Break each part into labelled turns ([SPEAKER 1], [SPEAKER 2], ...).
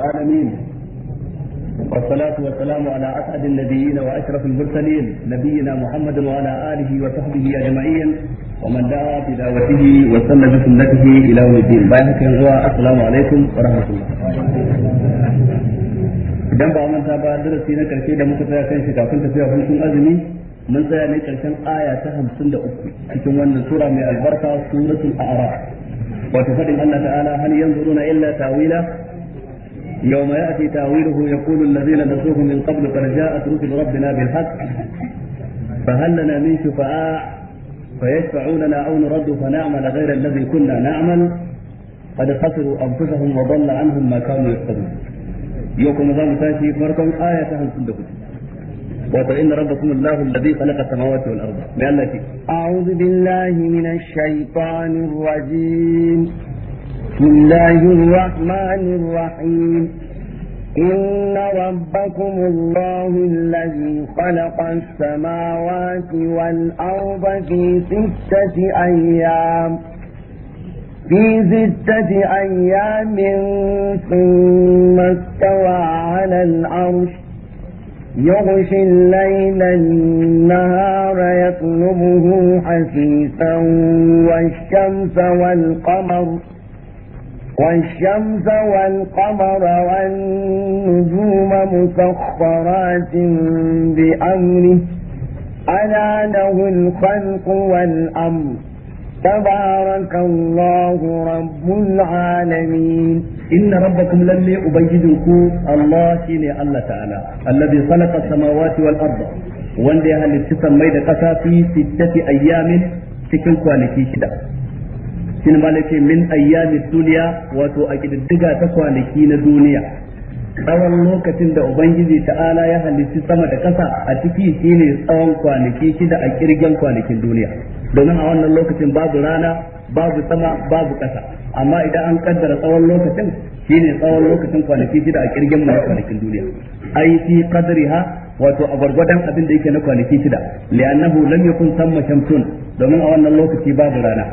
[SPEAKER 1] العالمين والصلاة والسلام على أسعد النبيين وأشرف المرسلين نبينا محمد وعلى آله وصحبه أجمعين ومن دعا بدعوته وسلم بسنته إلى يوم الدين بارك السلام عليكم ورحمة الله idan ba mun ba darasi na karshe da muka tsaya kan shi kafin tafiya kun sun azumi mun tsaya ne karshen aya ta 53 cikin wannan sura mai albarka suratul a'raf wato fadin Allah ta'ala hal yanzuruna illa tawila يوم يأتي تأويله يقول الذين نسوه من قبل قد جاءت رسل ربنا بالحق فهل لنا من شفعاء فيشفعوا لنا أو نرد فنعمل غير الذي كنا نعمل قد خسروا أنفسهم وضل عنهم ما كانوا يحسبون يوكم نظام تاتي فركم آية هم سندكم وإن ربكم الله الذي خلق السماوات والأرض بأن
[SPEAKER 2] أعوذ بالله من الشيطان الرجيم بسم الله الرحمن الرحيم إن ربكم الله الذي خلق السماوات والأرض في ستة أيام في ستة أيام ثم استوى على العرش يغشي الليل النهار يطلبه حثيثا والشمس والقمر والشمس والقمر والنجوم مسخرات بأمره ألا له الخلق والأمر تبارك الله رب العالمين إن
[SPEAKER 1] ربكم لم يبيدكم الله شيني الله تعالى الذي خلق السماوات والأرض وان دي أهل السماء في ستة أيام تكن كوالكي شدة Shin ma lace min ayyamid duniya? wato a kididdiga ta kwanaki na duniya tsawon lokacin da ubangiji ta'ala ya halitti sama da kasa a ciki shine tsawon kwanaki shida a kirgen kwanakin duniya domin a wannan lokacin babu rana babu sama babu kasa amma idan an kaddara tsawon lokacin shine tsawon lokacin kwanaki shida a kirgen mu kwanakin duniya ai fi qadriha wato a gwargwadon abin da yake na kwanaki shida li'annahu lam yakun samma shamsun domin a wannan lokaci babu rana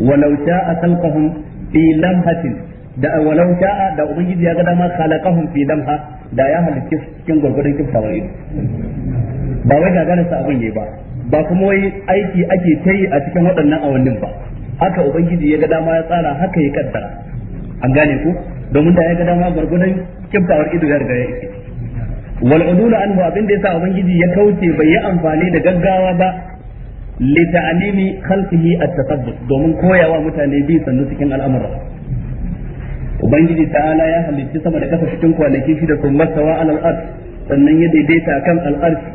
[SPEAKER 1] walau sha'a khalqahum fi lamhatin da walau sha'a da ubangiji ya ga dama khalaqahum fi lamha da ya halitta cikin gurgurdan kiftawar ido ba wai gagarin sa abin yayi ba ba kuma wai aiki ake ta yi a cikin waɗannan awannin ba haka ubangiji ya ga dama ya tsara haka ya kaddara an gane ku domin da ya ga dama gurgurdan kiftawar ido ya riga ya ike wal udula anhu abin da yasa ubangiji ya kauce bai yi amfani da gaggawa ba li ta'limi a at-tasabbut domin koyawa mutane biyu sannu cikin al'amura ubangiji ta'ala ya halitta sama da kasa cikin kwanaki shida sun masawa alal ard sannan ya daidaita kan al'arshi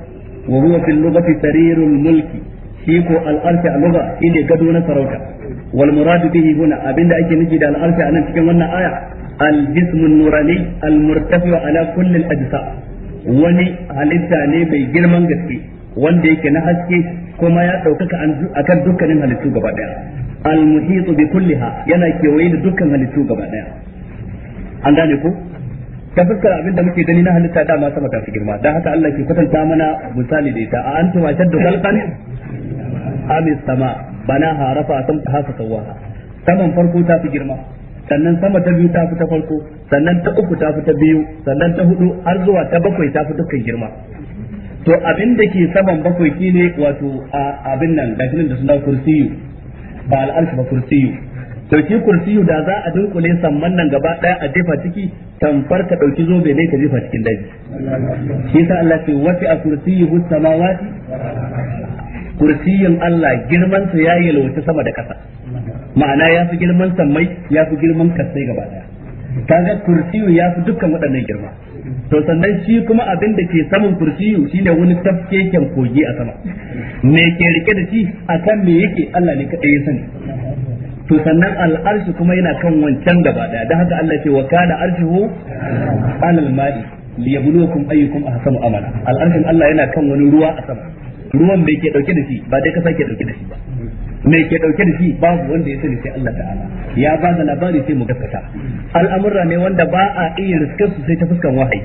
[SPEAKER 1] wa huwa fil lughati mulki shi ko al'arshi a lugha shine gado na sarauta wal murad bihi huna abinda ake nufi da al'arshi a nan cikin wannan aya al jismu nurani al murtafi ala kulli al wani halitta ne mai girman gaske wanda yake na haske kuma ya ɗaukaka akan dukkanin halittu gaba ɗaya al-muhitu bi kulliha yana kewaye da dukkan halittu gaba ɗaya an gane ko ta fuskar abin da muke gani na halitta dama sama ta fi girma dan haka Allah ke kwatanta mana misali da ita a an antum ashaddu khalqan am sama bana harafa sam ta haka sawaha saman farko ta fi girma sannan sama ta biyu ta fi ta farko sannan ta uku ta fi ta biyu sannan ta hudu har zuwa ta bakwai ta fi dukkan girma to abin da ke saman bakwai shine wato abin nan da da suna kursiyu ba al'arshi ba kursiyu shi kursiyu da za a dunkule samman nan gaba daya a jefa ciki tamfar ka dauki zobe ne ka jefa cikin daji shi sa Allah ce wasi a kursiyu samawati kursiyin Allah girman sa yayi lauta sama da kasa ma'ana ya fi girman sammai ya fi girman kasai gaba daya kaga kursiyu ya fi dukkan waɗannan girma to sannan shi kuma abin da ke saman kursiyu shine wani tafkeken kogi a sama me ke rike da shi akan me yake Allah ne kadai ya sani to sannan al'arshi kuma yana kan wancan gaba daya dan haka Allah ce wa kana arshuhu alal ma'i yabluwakum ayyukum ahsanu amala al'arshin Allah yana kan wani ruwa a sama ruwan bai ke dauke da shi ba dai ka sake dauke da shi ba mai ke dauke da shi babu wanda ya sani sai Allah ta'ala ya ba da labari sai mu gaskata al'amurra ne wanda ba a iya riskar su sai ta fuskan wahayi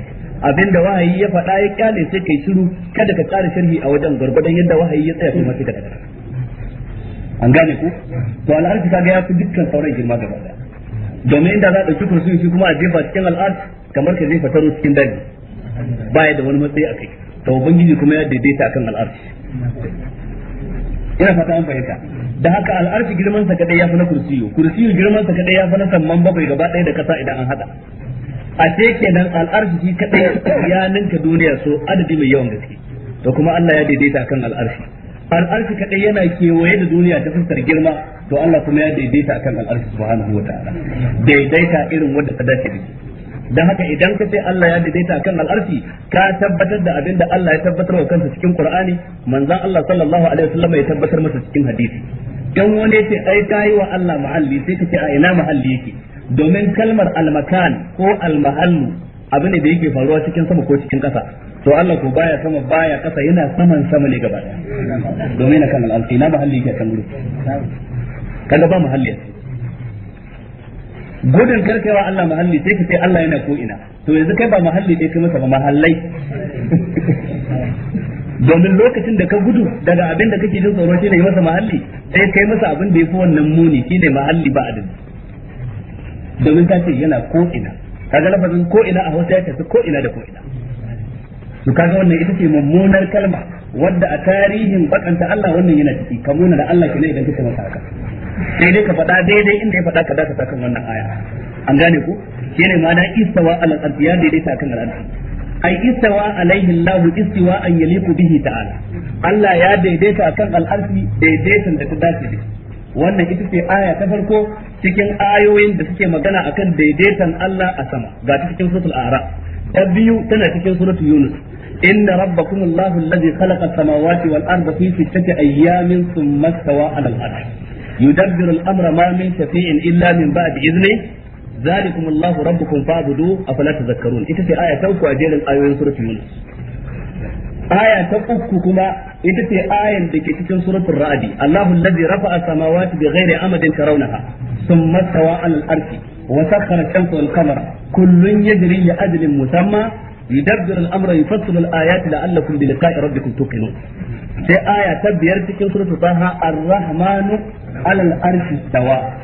[SPEAKER 1] abinda wahayi ya faɗa ya kyale sai kai shiru kada ka tsara sharhi a wajen gurgurdan yadda wahayi ya tsaya kuma sai ka kada an gane ku to al'arfi kaga ya fi dukkan sauran girma gaba daya domin inda za a dauki kursu shi kuma a jefa cikin al'ad kamar ka jefa taro cikin
[SPEAKER 3] dani
[SPEAKER 1] baya da wani matsayi a kai to ubangiji kuma ya daidaita akan al'arfi
[SPEAKER 3] ina
[SPEAKER 1] fata an fahimta da haka al'arshi girman sa kadai yafi na kursiyo kursiyo girman sa kadai yafi na samman bakwai gaba ɗaya da kasa idan an hada a ce kenan al'arshi shi kadai ya ninka duniya so adadi mai yawan gaske to kuma Allah ya daidaita kan al'arshi al'arshi kadai yana kewaye da duniya ta fuskar girma to Allah kuma ya daidaita akan al'arshi subhanahu wataala daidaita irin wanda ta dace da dan haka idan ka ce Allah ya daidaita akan al'arshi ka tabbatar da abin da Allah ya tabbatar wa kansa cikin Qur'ani manzon Allah sallallahu alaihi wasallam ya tabbatar masa cikin hadisi dan wani yace ai kai wa Allah mahalli sai kace a ina mahalli yake domin kalmar almakan ko almahallu abu ne da yake faruwa cikin sama ko cikin ƙasa to Allah ko baya sama baya ƙasa yana saman sama ne gaba domin na kan al'alfi na mahalli yake kan gudu kaga ba mahalli gudun karkewa Allah mahalli sai ka ce Allah yana ko ina to yanzu kai ba mahalli dai kai masa ba mahallai domin lokacin da ka gudu daga abin da kake jin tsoro shine yi masa mahalli sai kai masa abin da yafi wannan muni shine mahalli ba adadi domin ta ce yana ko ina kaga lafazin ko ina a Hausa ya tafi ko ina da ko ina to kaga wannan ita ce mummunar kalma wadda a tarihin bakanta Allah wannan yana ciki ka muna da Allah kina idan kake masa haka sai dai ka faɗa daidai inda ya faɗa ka dace kan wannan aya an gane ku shine ma da istawa al-ardiya daidai ta kan al-ardiya ai istawa alaihi Allah istiwa an yaliku bihi ta'ala Allah ya daidaita akan al'arfi daidaitan da ta dace da wannan ita ce aya ta farko cikin ayoyin da suke magana akan daidaitan Allah a sama ga cikin suratul a'raf ta biyu tana cikin suratul yunus إن ربكم الله الذي خلق السماوات والأرض في ستة أيام ثم استوى على الأرض يدبر الأمر ما min شفيع إلا من بعد إذنه zalikum Allahu rabbukum fa'budu afala tadhakkarun ita ce aya ta ita ce ayan da ke cikin suratul Ra'd Allahu allazi rafa'a samawati bighairi amadin tarawnaha thumma stawa 'alal arshi wa sakhkhara ash musamma يدبر الامر يفصل الايات لعلكم بلقاء ربكم توقنون biyar cikin suratul taha ar-rahmanu dawa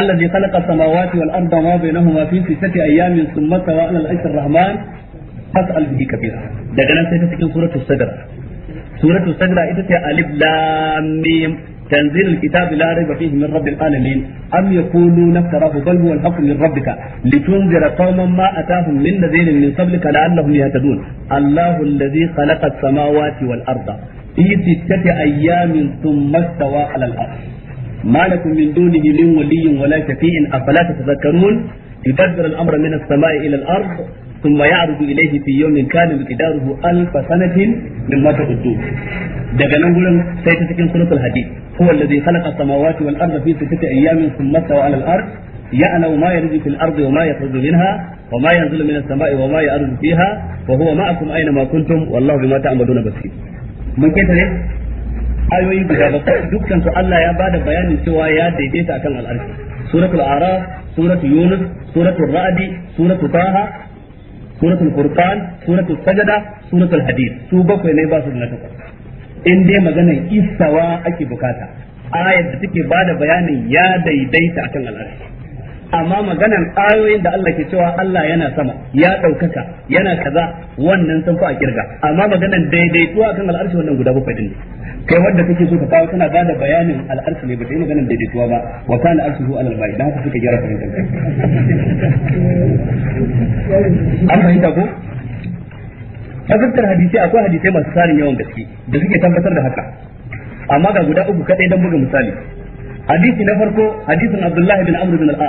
[SPEAKER 1] الذي خلق السماوات والأرض وما بينهما في ستة أيام ثم استوى على العرش الرحمن فاسأل به كبيرا ده nan sai سوره cikin سوره sajda suratul sajda ita ce alif تنزيل الكتاب لا ريب فيه من رب العالمين أم يقولون افتراه بل هو الحق من ربك لتنذر قوما ما أتاهم من نذير من قبلك لعلهم يهتدون الله الذي خلق السماوات والأرض في ستة أيام ثم استوى على الأرض ما لكم من دونه من ولي ولا شفيع أفلا تتذكرون يدبر الأمر من السماء إلى الأرض ثم يعرض إليه في يوم كان مقداره ألف سنة مما تعدون daga nan gurin sai ta cikin suratul hadid huwa alladhi khalaqa samawati wal arda fi sittati ayamin thumma stawa ala al-ard ya'lamu ma yarju fil ardi wa ma yakhruju minha wa ma yanzilu minas samai wa ma fiha wa huwa ma'akum aina ma kuntum wallahu bima ta'maluna basir mun kai tare ayoyi guda bakwai dukkan su Allah ya bada bayanin cewa ya daidaita akan al'arshi suratul araf suratul yunus suratul ra'di suratul taha suratul furqan suratul sajada suratul hadid su bakwai ne ba su da takwas in dai maganar isawa ake bukata ayar da take bada bayanin ya daidaita akan al'arshi amma maganan ayoyin da Allah ke cewa Allah yana sama ya ɗaukaka yana kaza wannan sun fa a kirga amma maganan daidaituwa kan al'arshi wannan guda bakwai din kai wanda kake so ka kawo tana ba da bayanin al'arshi ne ba ta yi maganan daidaituwa ba wa kana arshuhu zuwa al'arba idan haka suka gyara fahimtar kai an fahimta ko azabtar hadisi akwai hadisai masu tsarin yawan gaske da suke tabbatar da haka amma ga guda uku kadai dan buga misali hadisi na farko hadisin Abdullahi bin Amr bin al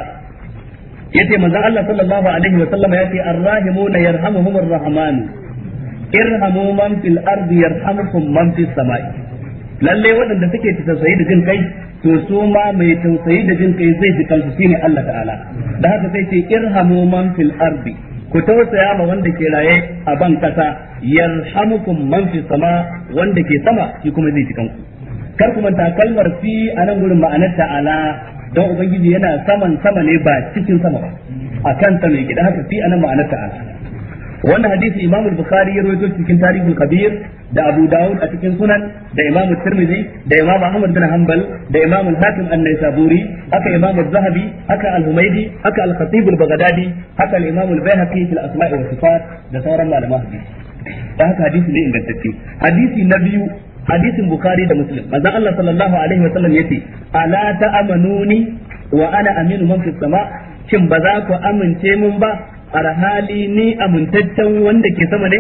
[SPEAKER 1] yace manzon Allah sallallahu alaihi wa sallam yace arrahimuna yarhamuhumur rahman irhamu man fil ardi yarhamukum man fis samai lalle waɗanda suke tausayi da jin kai to su ma mai tausayi da jin kai zai ji kansu shine Allah ta'ala da haka sai ce irhamu man fil ardi ku tausaya ma wanda ke raye a ban kasa yarhamukum man fi sama wanda ke sama shi kuma zai cikan ku kar ku manta kalmar fi a nan gurin ma'anar ta'ala don ubangiji yana saman sama ne ba cikin sama ba a kan sama yake da haka fi anan ma'anar ta'ala wannan hadisi imam al-bukhari ya rawaito cikin tarihul kabir da abu daud a cikin sunan da imam tirmidhi da imam ahmad bin hanbal da imam al-hakim an-naisaburi haka imam az-zahabi haka al-humaydi haka al-khatib al-baghdadi haka imam al-baihaqi fil asma' wa sifat da sauran malaman hadisi da haka hadisi ne ingantacce hadisi na biyu hadisin bukhari da muslim manzon Allah sallallahu alaihi wa sallam yace ala ta'amanuni wa ana aminu man fis sama kin ba za ku amince min ba arhali ni amintaccen wanda ke sama ne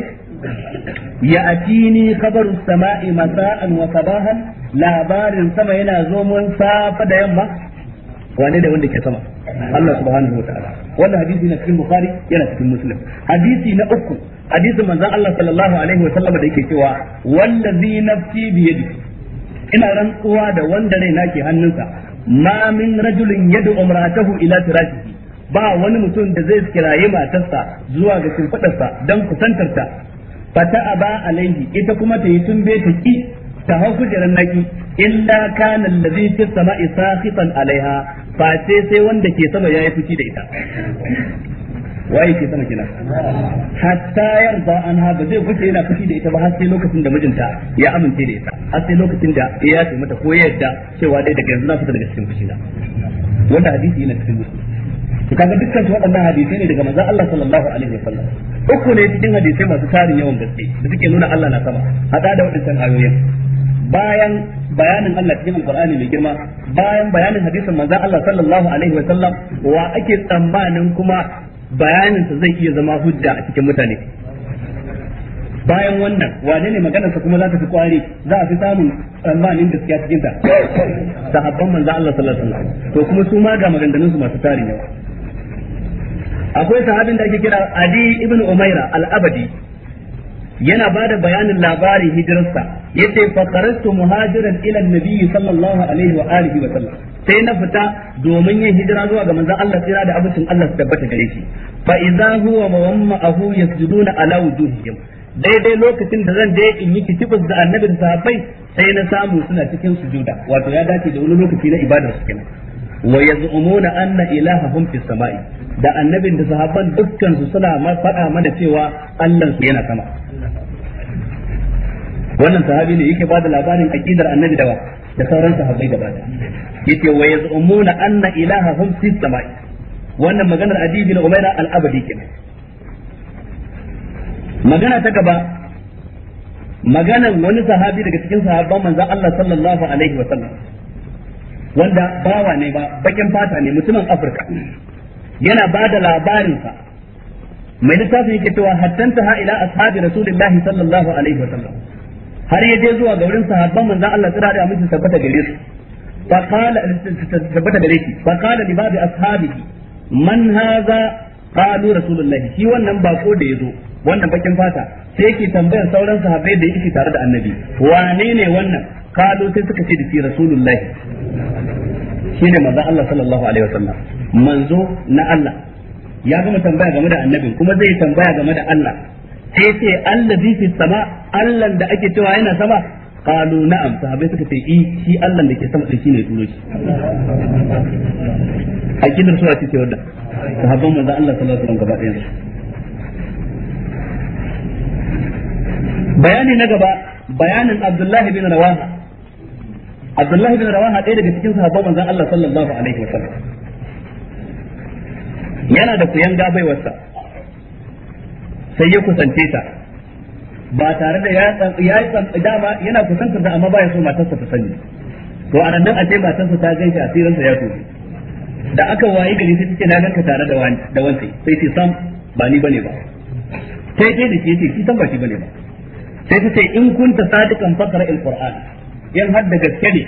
[SPEAKER 1] ya atini khabaru sama'i masa'an wa sabahan labarin sama yana zo safa da yamma wane da wanda ke sama Allah subhanahu wa ta'ala wannan hadisi na cikin bukhari yana cikin muslim hadisi na uku hadisin manzon Allah sallallahu alaihi wa sallam da yake cewa wanda wallazi nafsi bi yadi ina rantsuwa da wanda rai nake hannunsa ma min rajulin yad'u umratahu ila firashihi ba wani mutum da zai kirayi matarsa zuwa ga shimfidarsa don kusantarta fata aba alaihi ita kuma ta yi tumbe ta ki ta hau kujerar naki illa kana allazi fi sama'i sakhitan alaiha fa sai wanda ke sama yayi fushi da ita waye ke sama kina hatta yarda an ba zai fice yana fushi da ita ba har sai lokacin da mijinta ya amince da ita har sai lokacin da ya ce mata ko yadda cewa dai daga yanzu na fita daga cikin fushi na wanda hadisi yana cikin musu to kaga dukkan su waɗannan hadisi ne daga manzon Allah sallallahu alaihi wasallam uku ne cikin hadisai masu tarin yawan gaske da suke nuna Allah na sama hada da waɗannan ayoyin bayan bayanin Allah cikin Alƙur'ani mai girma bayan bayanin hadisin manzon Allah sallallahu alaihi wa sallam wa ake tsammanin kuma bayaninsa zai iya zama hujja a cikin mutane bayan wannan wane ne maganarsa kuma za ta fi kwari za a fi samun tsammanin gaskiya cikin ta sahabban manzo Allah sallallahu alaihi wasallam to kuma su ma ga maganganun masu tarin yawa akwai sahabin da ake kira Adi ibn Umaira al-Abadi yana bada bayanin labarin hijirarsa ya ce qarastu muhajiran ilan annabi sallallahu alaihi wa alihi wa sallam sai na fita domin yin hijira zuwa ga manzon Allah tsira da abincin Allah su tabbata gare shi fa idza huwa mawammahu yasjuduna ala wujuhihim daidai lokacin da zan je in yi kitibus da annabin sahabbai sai na samu suna cikin sujuda wato ya dace da wani lokaci na ibadar su kenan wa yaz'umuna anna ilahahum fis sama'i da annabin da sahabban dukkan su suna faɗa mana cewa Allah su yana sama wannan sahabi ne yake bada labarin aqidar annabi da da sauran sahabbai da bada yake wa yaz'umuna anna ilahahum fis samai wannan maganar adi bin umaira al-abadi kenan magana ta gaba maganar wani sahabi daga cikin sahabban manzon Allah sallallahu alaihi wa sallam wanda bawa ne ba bakin fata ne mutumin Afirka yana bada labarinsa mai littafin yake cewa hattanta ha ila ashabi rasulillahi sallallahu alaihi wa sallam har ya je zuwa ga wurin sahabban manzon Allah tsira da amincin tabbata gare su fa qala tabbata gare shi fa qala li ba'd ashabihi man hadha qalu rasulullahi shi wannan bako da yazo wannan bakin fata sai yake tambayar sauran sahabbai da yake tare da annabi wane ne wannan qalu sai suka ce da shi rasulullahi shine manzon Allah sallallahu alaihi wasallam manzo na Allah ya gama tambaya game da annabin kuma zai tambaya game da Allah sai ce allazi fi sama allan da ake cewa yana sama qalu na'am sahabbai suka ce eh shi allan da ke sama da shi ne turo shi akidar suwa ce wanda sahabban manzon Allah sallallahu alaihi wasallam gaba ɗayan bayani na gaba bayanin Abdullahi bin Rawaha Abdullahi bin Rawaha ɗaya daga cikin sahabban manzon Allah sallallahu alaihi wasallam yana da kuyan gabaiwarsa sai ya kusance ta ba tare da ya yi dama yana kusantar da amma ba ya so matarsa ta sani to a nan a ce matarsa ta gan shi asirinsa ya tofi da aka waye gari sai take na ganka tare da wani da wani sai ce sam ba ni bane ba sai dai da ke ce shi san ba shi bane ba sai ta ce in kunta sadikan fakar alquran yan hadda gaske ne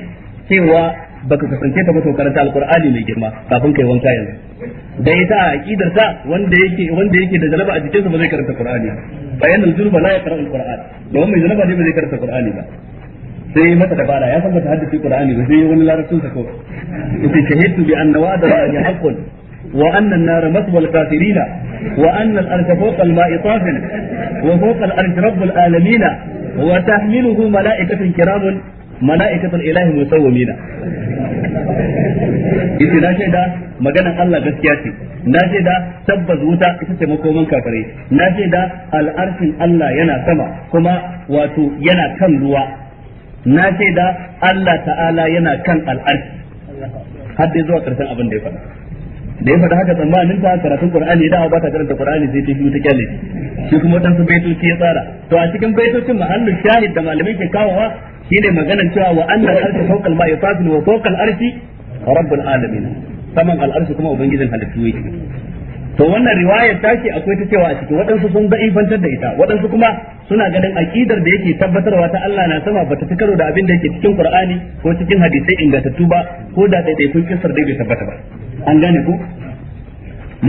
[SPEAKER 1] cewa baka kasance ka ba to karanta alqur'ani mai girma kafin kai wanka yanzu da ita a aqidar sa wanda yake wanda yake da jalaba a jikinsa ba zai karanta qur'ani bayan al-julba la yaqra al-qur'an don mai jalaba ne ba zai karanta qur'ani ba sai yi masa dabara ya san ba ta haddace qur'ani ba sai yi wani larabcin sa ko yace shahidtu bi anna wa'da allahi haqqun wa anna an-nara maswal kafirin wa anna al-arsha fawqa al-ma'i tafin wa fawqa al-arshi rabbul alamin wa tahmiluhu mala'ikatun kiramun mala'ikatul ilahi musawwimina yace na ce da maganan Allah gaskiya ce na ce da tabbas wuta ita ce makoman kafare na ce da al'arshin Allah yana sama kuma wato yana kan ruwa na ce da Allah ta'ala yana kan al'arshi har dai zuwa karshen abin da ya faɗa da ya faɗa haka tsammanin ta karatun Qur'ani da ba ta karanta Qur'ani sai ta biyu ta kyalle shi kuma dan su baitoci ya tsara to a cikin baitocin mahallin shahid da malamai ke kawowa shine maganar cewa wa annal arshi fawqa al-ma'i wa fawqa al-arshi rabbul alamin saman al'arshi kuma ubangijin halittu yake to wannan riwayar ce akwai ta cewa a ciki waɗansu sun da infantar da ita waɗansu kuma suna ganin akidar da yake tabbatarwa ta Allah na sama bata ta karo da abin da yake cikin Qur'ani ko cikin hadisai ingantattu ba ko da dai kun kissar dai bai tabbata ba an gane ku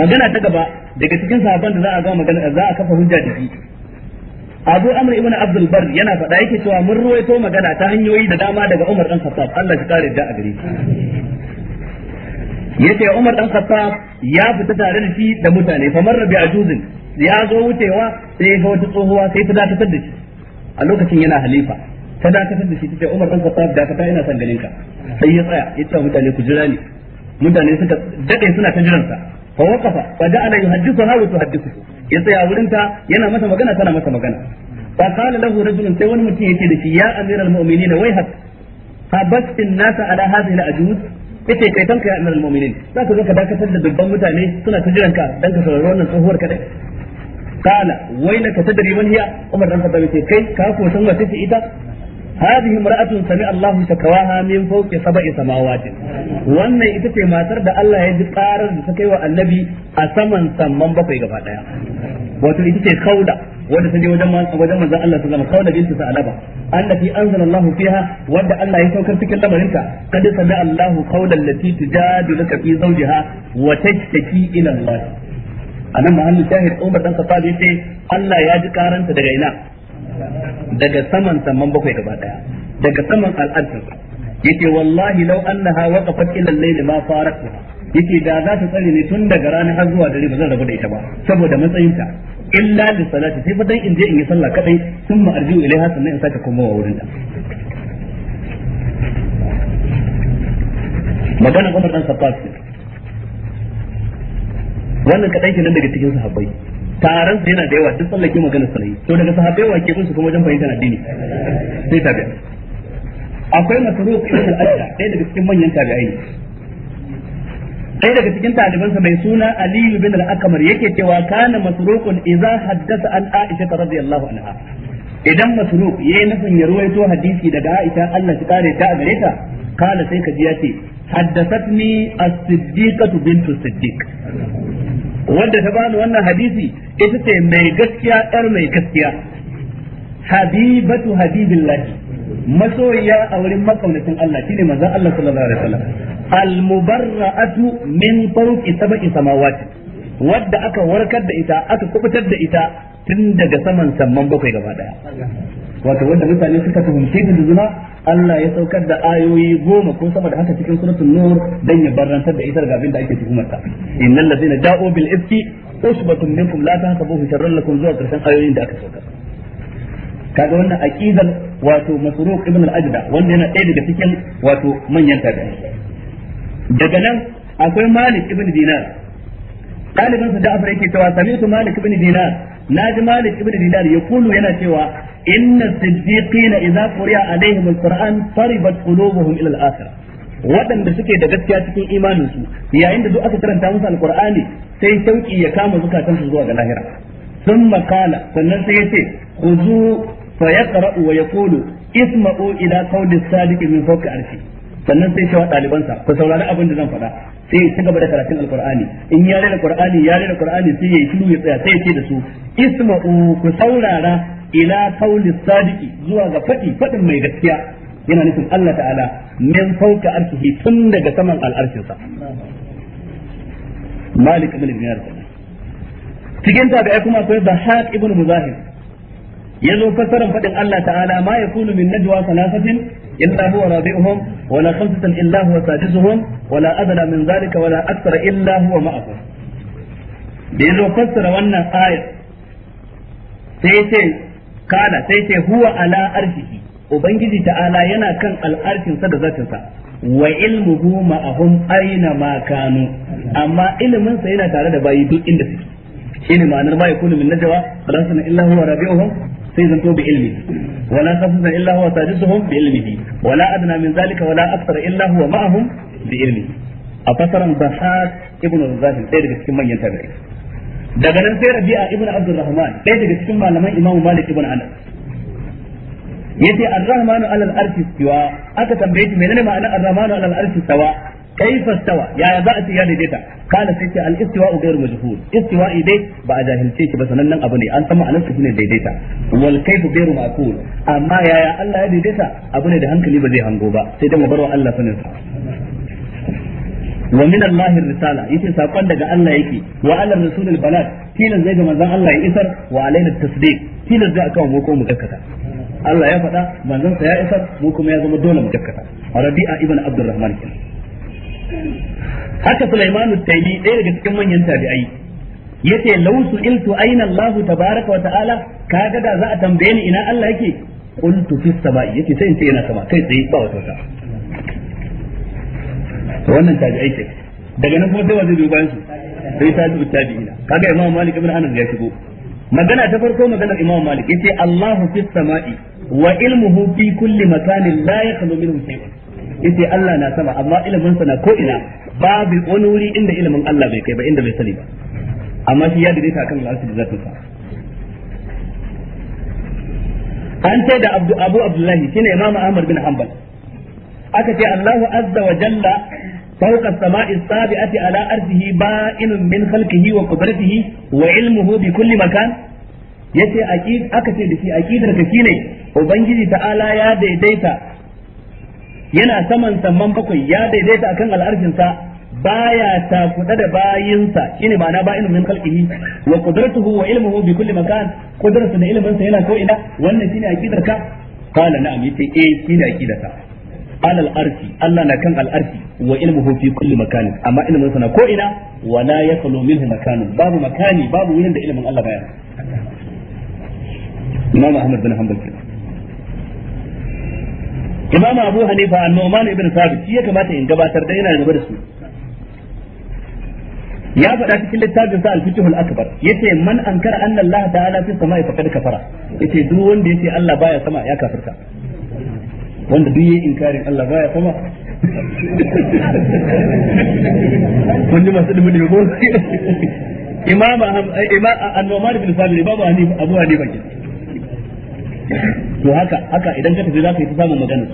[SPEAKER 1] magana ta gaba daga cikin sahabban da za a ga magana za a kafa hujja da shi Abu Amr ibn Abdul Bar yana faɗa yake cewa mun ruwaito magana ta hanyoyi da dama daga Umar dan Khattab Allah ya kare da a gare yace Umar dan Khattab ya fita tare da shi da mutane fa marra bi ajuzin ya zo wucewa sai ga wata tsohuwa sai ta dakatar da shi a lokacin yana halifa ta dakatar da shi tace Umar dan Khattab dakata ina son ganin ka sai ya tsaya yace mutane ku jira ni mutane suka dade suna ta jiransa fa waqafa fa da'ala yuhaddithuha wa tuhaddithu ya tsaya wurin ta yana mata magana tana mata magana fa qala lahu rajulun sai wani mutum yace da shi ya amiral mu'minin wai hak habastin nasa ala hadhihi al-ajuz yace kai tanka ya annal mu'minin za ka zo ka dakatar da dubban mutane suna ta jiran ka dan ka sauraro wannan tsohuwar dai kala wai na ka tadri man hiya umar dan ka ce kai ka ko san wace ce ita هذه امرأة سمع الله شكواها من فوق سبع سماوات wannan ita ce matar da Allah ya ji karar da ta kai wa annabi a saman samman bakwai gaba daya wato ita ce kauda wajen wajen Allah ta zama kauda binta sa'alaba allati anzala Allah fiha wanda Allah ya saukar cikin lamarinta kad sami Allah kauda allati tujadiluka fi zawjiha wa tajtaki ila Allah Umar dan Allah ya ji karanta daga ina daga saman saman bakwai gaba daya daga saman al'adar yake wallahi law annaha waqafat ila al-layl ma faratha yake da za ta tsare ne tun daga rana har zuwa dare ba zan rabu da ita ba saboda matsayinta illa li salati sai fa dan in je in yi sallah kadai thumma arji'u ilaiha sannan in sake komawa wurin da. magana Umar dan Khattab wannan kadai kenan daga cikin sahabbai taron su yana da yawa duk tsallake magana sa to daga sahabbai wa ke su kuma wajen fahimtar addini sai tabi'a akwai masu ibn al-ashja ɗaya daga cikin manyan tabi'ai ne ɗaya daga cikin talibansa mai suna Ali bin al-Akmar yake cewa kana masruqun idza haddasa an Aisha radiyallahu anha idan masruq yayi nufin ya ruwaito hadisi daga Aisha Allah ta kare ta gare ta kana sai ka ji yace haddathatni as-siddiqatu bintu siddiq wadda ta bani wannan hadisi ita ce mai gaskiya yar mai gaskiya habibatu habibillahi masoyiya a wurin makaunacin Allah shine manzon Allah sallallahu alaihi wasallam almubarra'atu min fawqi sab'i samawati wadda aka warkar da ita aka kubutar da ita tun daga saman samman bakwai gaba daya wato wanda mutane suka tuhumce ta da zina Allah ya saukar da ayoyi goma ko sama da haka cikin suratul nur dan ya barantar da ita daga abin da ake tuhumar ta innal ladina ja'u bil ifki usbatun minkum la tahsabuhu sharran lakum zuwa karshen ayoyin da aka saukar kaga wannan aqidar wato masruq ibn al-ajda wanda yana ɗaya daga cikin wato manyan tabi'i daga nan akwai malik ibn dinar ɗalibinsa da afirka yake cewa sami'tu malik ibn dinar na naji malik ibn dinar ya kullu yana cewa inna siddiqina idza quriya alaihim alquran taribat qulubuhum ila al-akhirah waɗanda suke da gaskiya cikin imanin su yayin da duk aka karanta musu alqur'ani sai sauki ya kama zukatan su zuwa ga lahira Sun qala sannan sai yace khuzu fa yaqra'u wa yaqulu isma'u ila qawli as min fawqi arshi sannan sai cewa ɗalibansa ku saurari abin da zan faɗa sai ya gaba da karatun alkur'ani in ya rera qur'ani ya rera qur'ani sai ya shiru ya tsaya sai ya ce da su isma'u ku saurara ila qawli sadiqi zuwa ga faɗi faɗin mai gaskiya yana nufin Allah ta'ala min fawqa arshihi tun daga saman al'arshin sa Malik ibn Dinar cikin ta da kuma akwai Bahaq ibn Muzahir zo fasaran faɗin Allah ta'ala ma yakunu min najwa salasatin إلا هو رابعهم ولا خمسة إلا هو سادسهم ولا أدنى من ذلك ولا أكثر إلا هو معهم da ya zo fassara wannan ayar sai ce Kala sai ce huwa ala arshihi ubangiji ta'ala yana kan al'arshin sa da zatin sa wa ilmuhu ma'ahum aina ma kanu amma ilimin sa yana tare da bayi duk inda suke shine ma'anar ma yakunu min najwa rasul illa huwa rabi'uhum sai zanto bi ilmi wala khafza illa huwa sadisuhum bi ilmihi wala adna min zalika wala akthar illa huwa ma'ahum bi ilmihi a fasaran bahar ibnu zahir ɗaya daga cikin manyan tabi'in daga nan sai rabi'a ibn abdurrahman ɗaya daga cikin malaman imamu malik ibn anas yace ar-rahmanu ala al-arshi istawa aka tambaye shi menene ma'anar ar-rahmanu ala al-arshi istawa kaifa istawa ya za a ce ya daidaita kana sai ce al-istiwa ghayr majhul istiwa idai ba a jahilce shi ba sanannen abu ne an san ma'anar shi ne daidaita wal kayfu ghayr ma'qul amma yaya Allah ya daidaita abu ne da hankali ba zai hango ba sai dan mu barwa Allah sanin wa min Allah risala yace sakon daga Allah yake wa ala rasulil balad tilan zai ga manzon Allah ya isar wa alaina tasdiq tilan zai aka mu ko mu gaskata Allah ya faɗa manzon sa ya isar mu kuma ya zama dole mu gaskata Rabi'a ibn Abdurrahman kin haka Sulaiman at-Taymi ɗaya daga cikin manyan tabi'ai yace law su'iltu aina Allah tabaaraka wa ta'ala kaga da za a tambaye ni ina Allah yake qultu fis sama'i yace sai in ce yana sama kai tsaye ba wata wannan tabi'ai ke daga nan kuma sai wa zai biyo bayan su sai tabi'u tabi'ina kaga imam malik ibn anas ya shigo magana ta farko maganar imam malik yace allahu fis sama'i wa ilmuhu fi kulli makanin la yakhlu minhu shay'un yace Allah na sama amma ilimin sa na ko ina babu wani wuri inda ilmin Allah bai kai ba inda bai sani ba amma shi ya daidaita akan al'arshi da zatin sa an ce da Abu Abu Abdullahi shine Imam Ahmad bin Hanbal aka ce Allahu azza wa jalla فوق السماء السابعة على أرضه بائن من خلقه وقدرته وعلمه بكل مكان yace aqid aka ce da shi aqidar ka shine ubangiji ta'ala ya daidaita yana saman saman bakwai ya daidaita akan al'arshin sa baya ta kuɗa da bayinsa shine ma'ana ba'inu min khalqihi wa qudratuhu wa ilmuhu bi kulli makan qudratu da ilmin sa yana ko ina wannan shine aqidar ka qala na'am yace eh shine aqidar ka alal na kan al arsi wa ilmuhu fi kulli makan amma ilmin sana ko ina wa la yaqulu minhu makanun babu makani babu wurin da ilmin Allah baya Imam Ahmad bin Hanbal Imam Abu Hanifa an-Nu'man ibn Thabit shi ya kamata yin gabatar da yana gaba da su ya faɗa cikin littafin sa al-fiqh al-akbar yace man ankara anna Allah ta'ala fi samai faqad kafara yace duk wanda ce Allah baya sama ya kafirta wanda duk yayin inkarin Allah baya sama wanda masu dubu dubu imam eh, imam an-Nu'man bin Sabir ani Abu baki to haka haka idan ka tafi za ka yi ta samun magana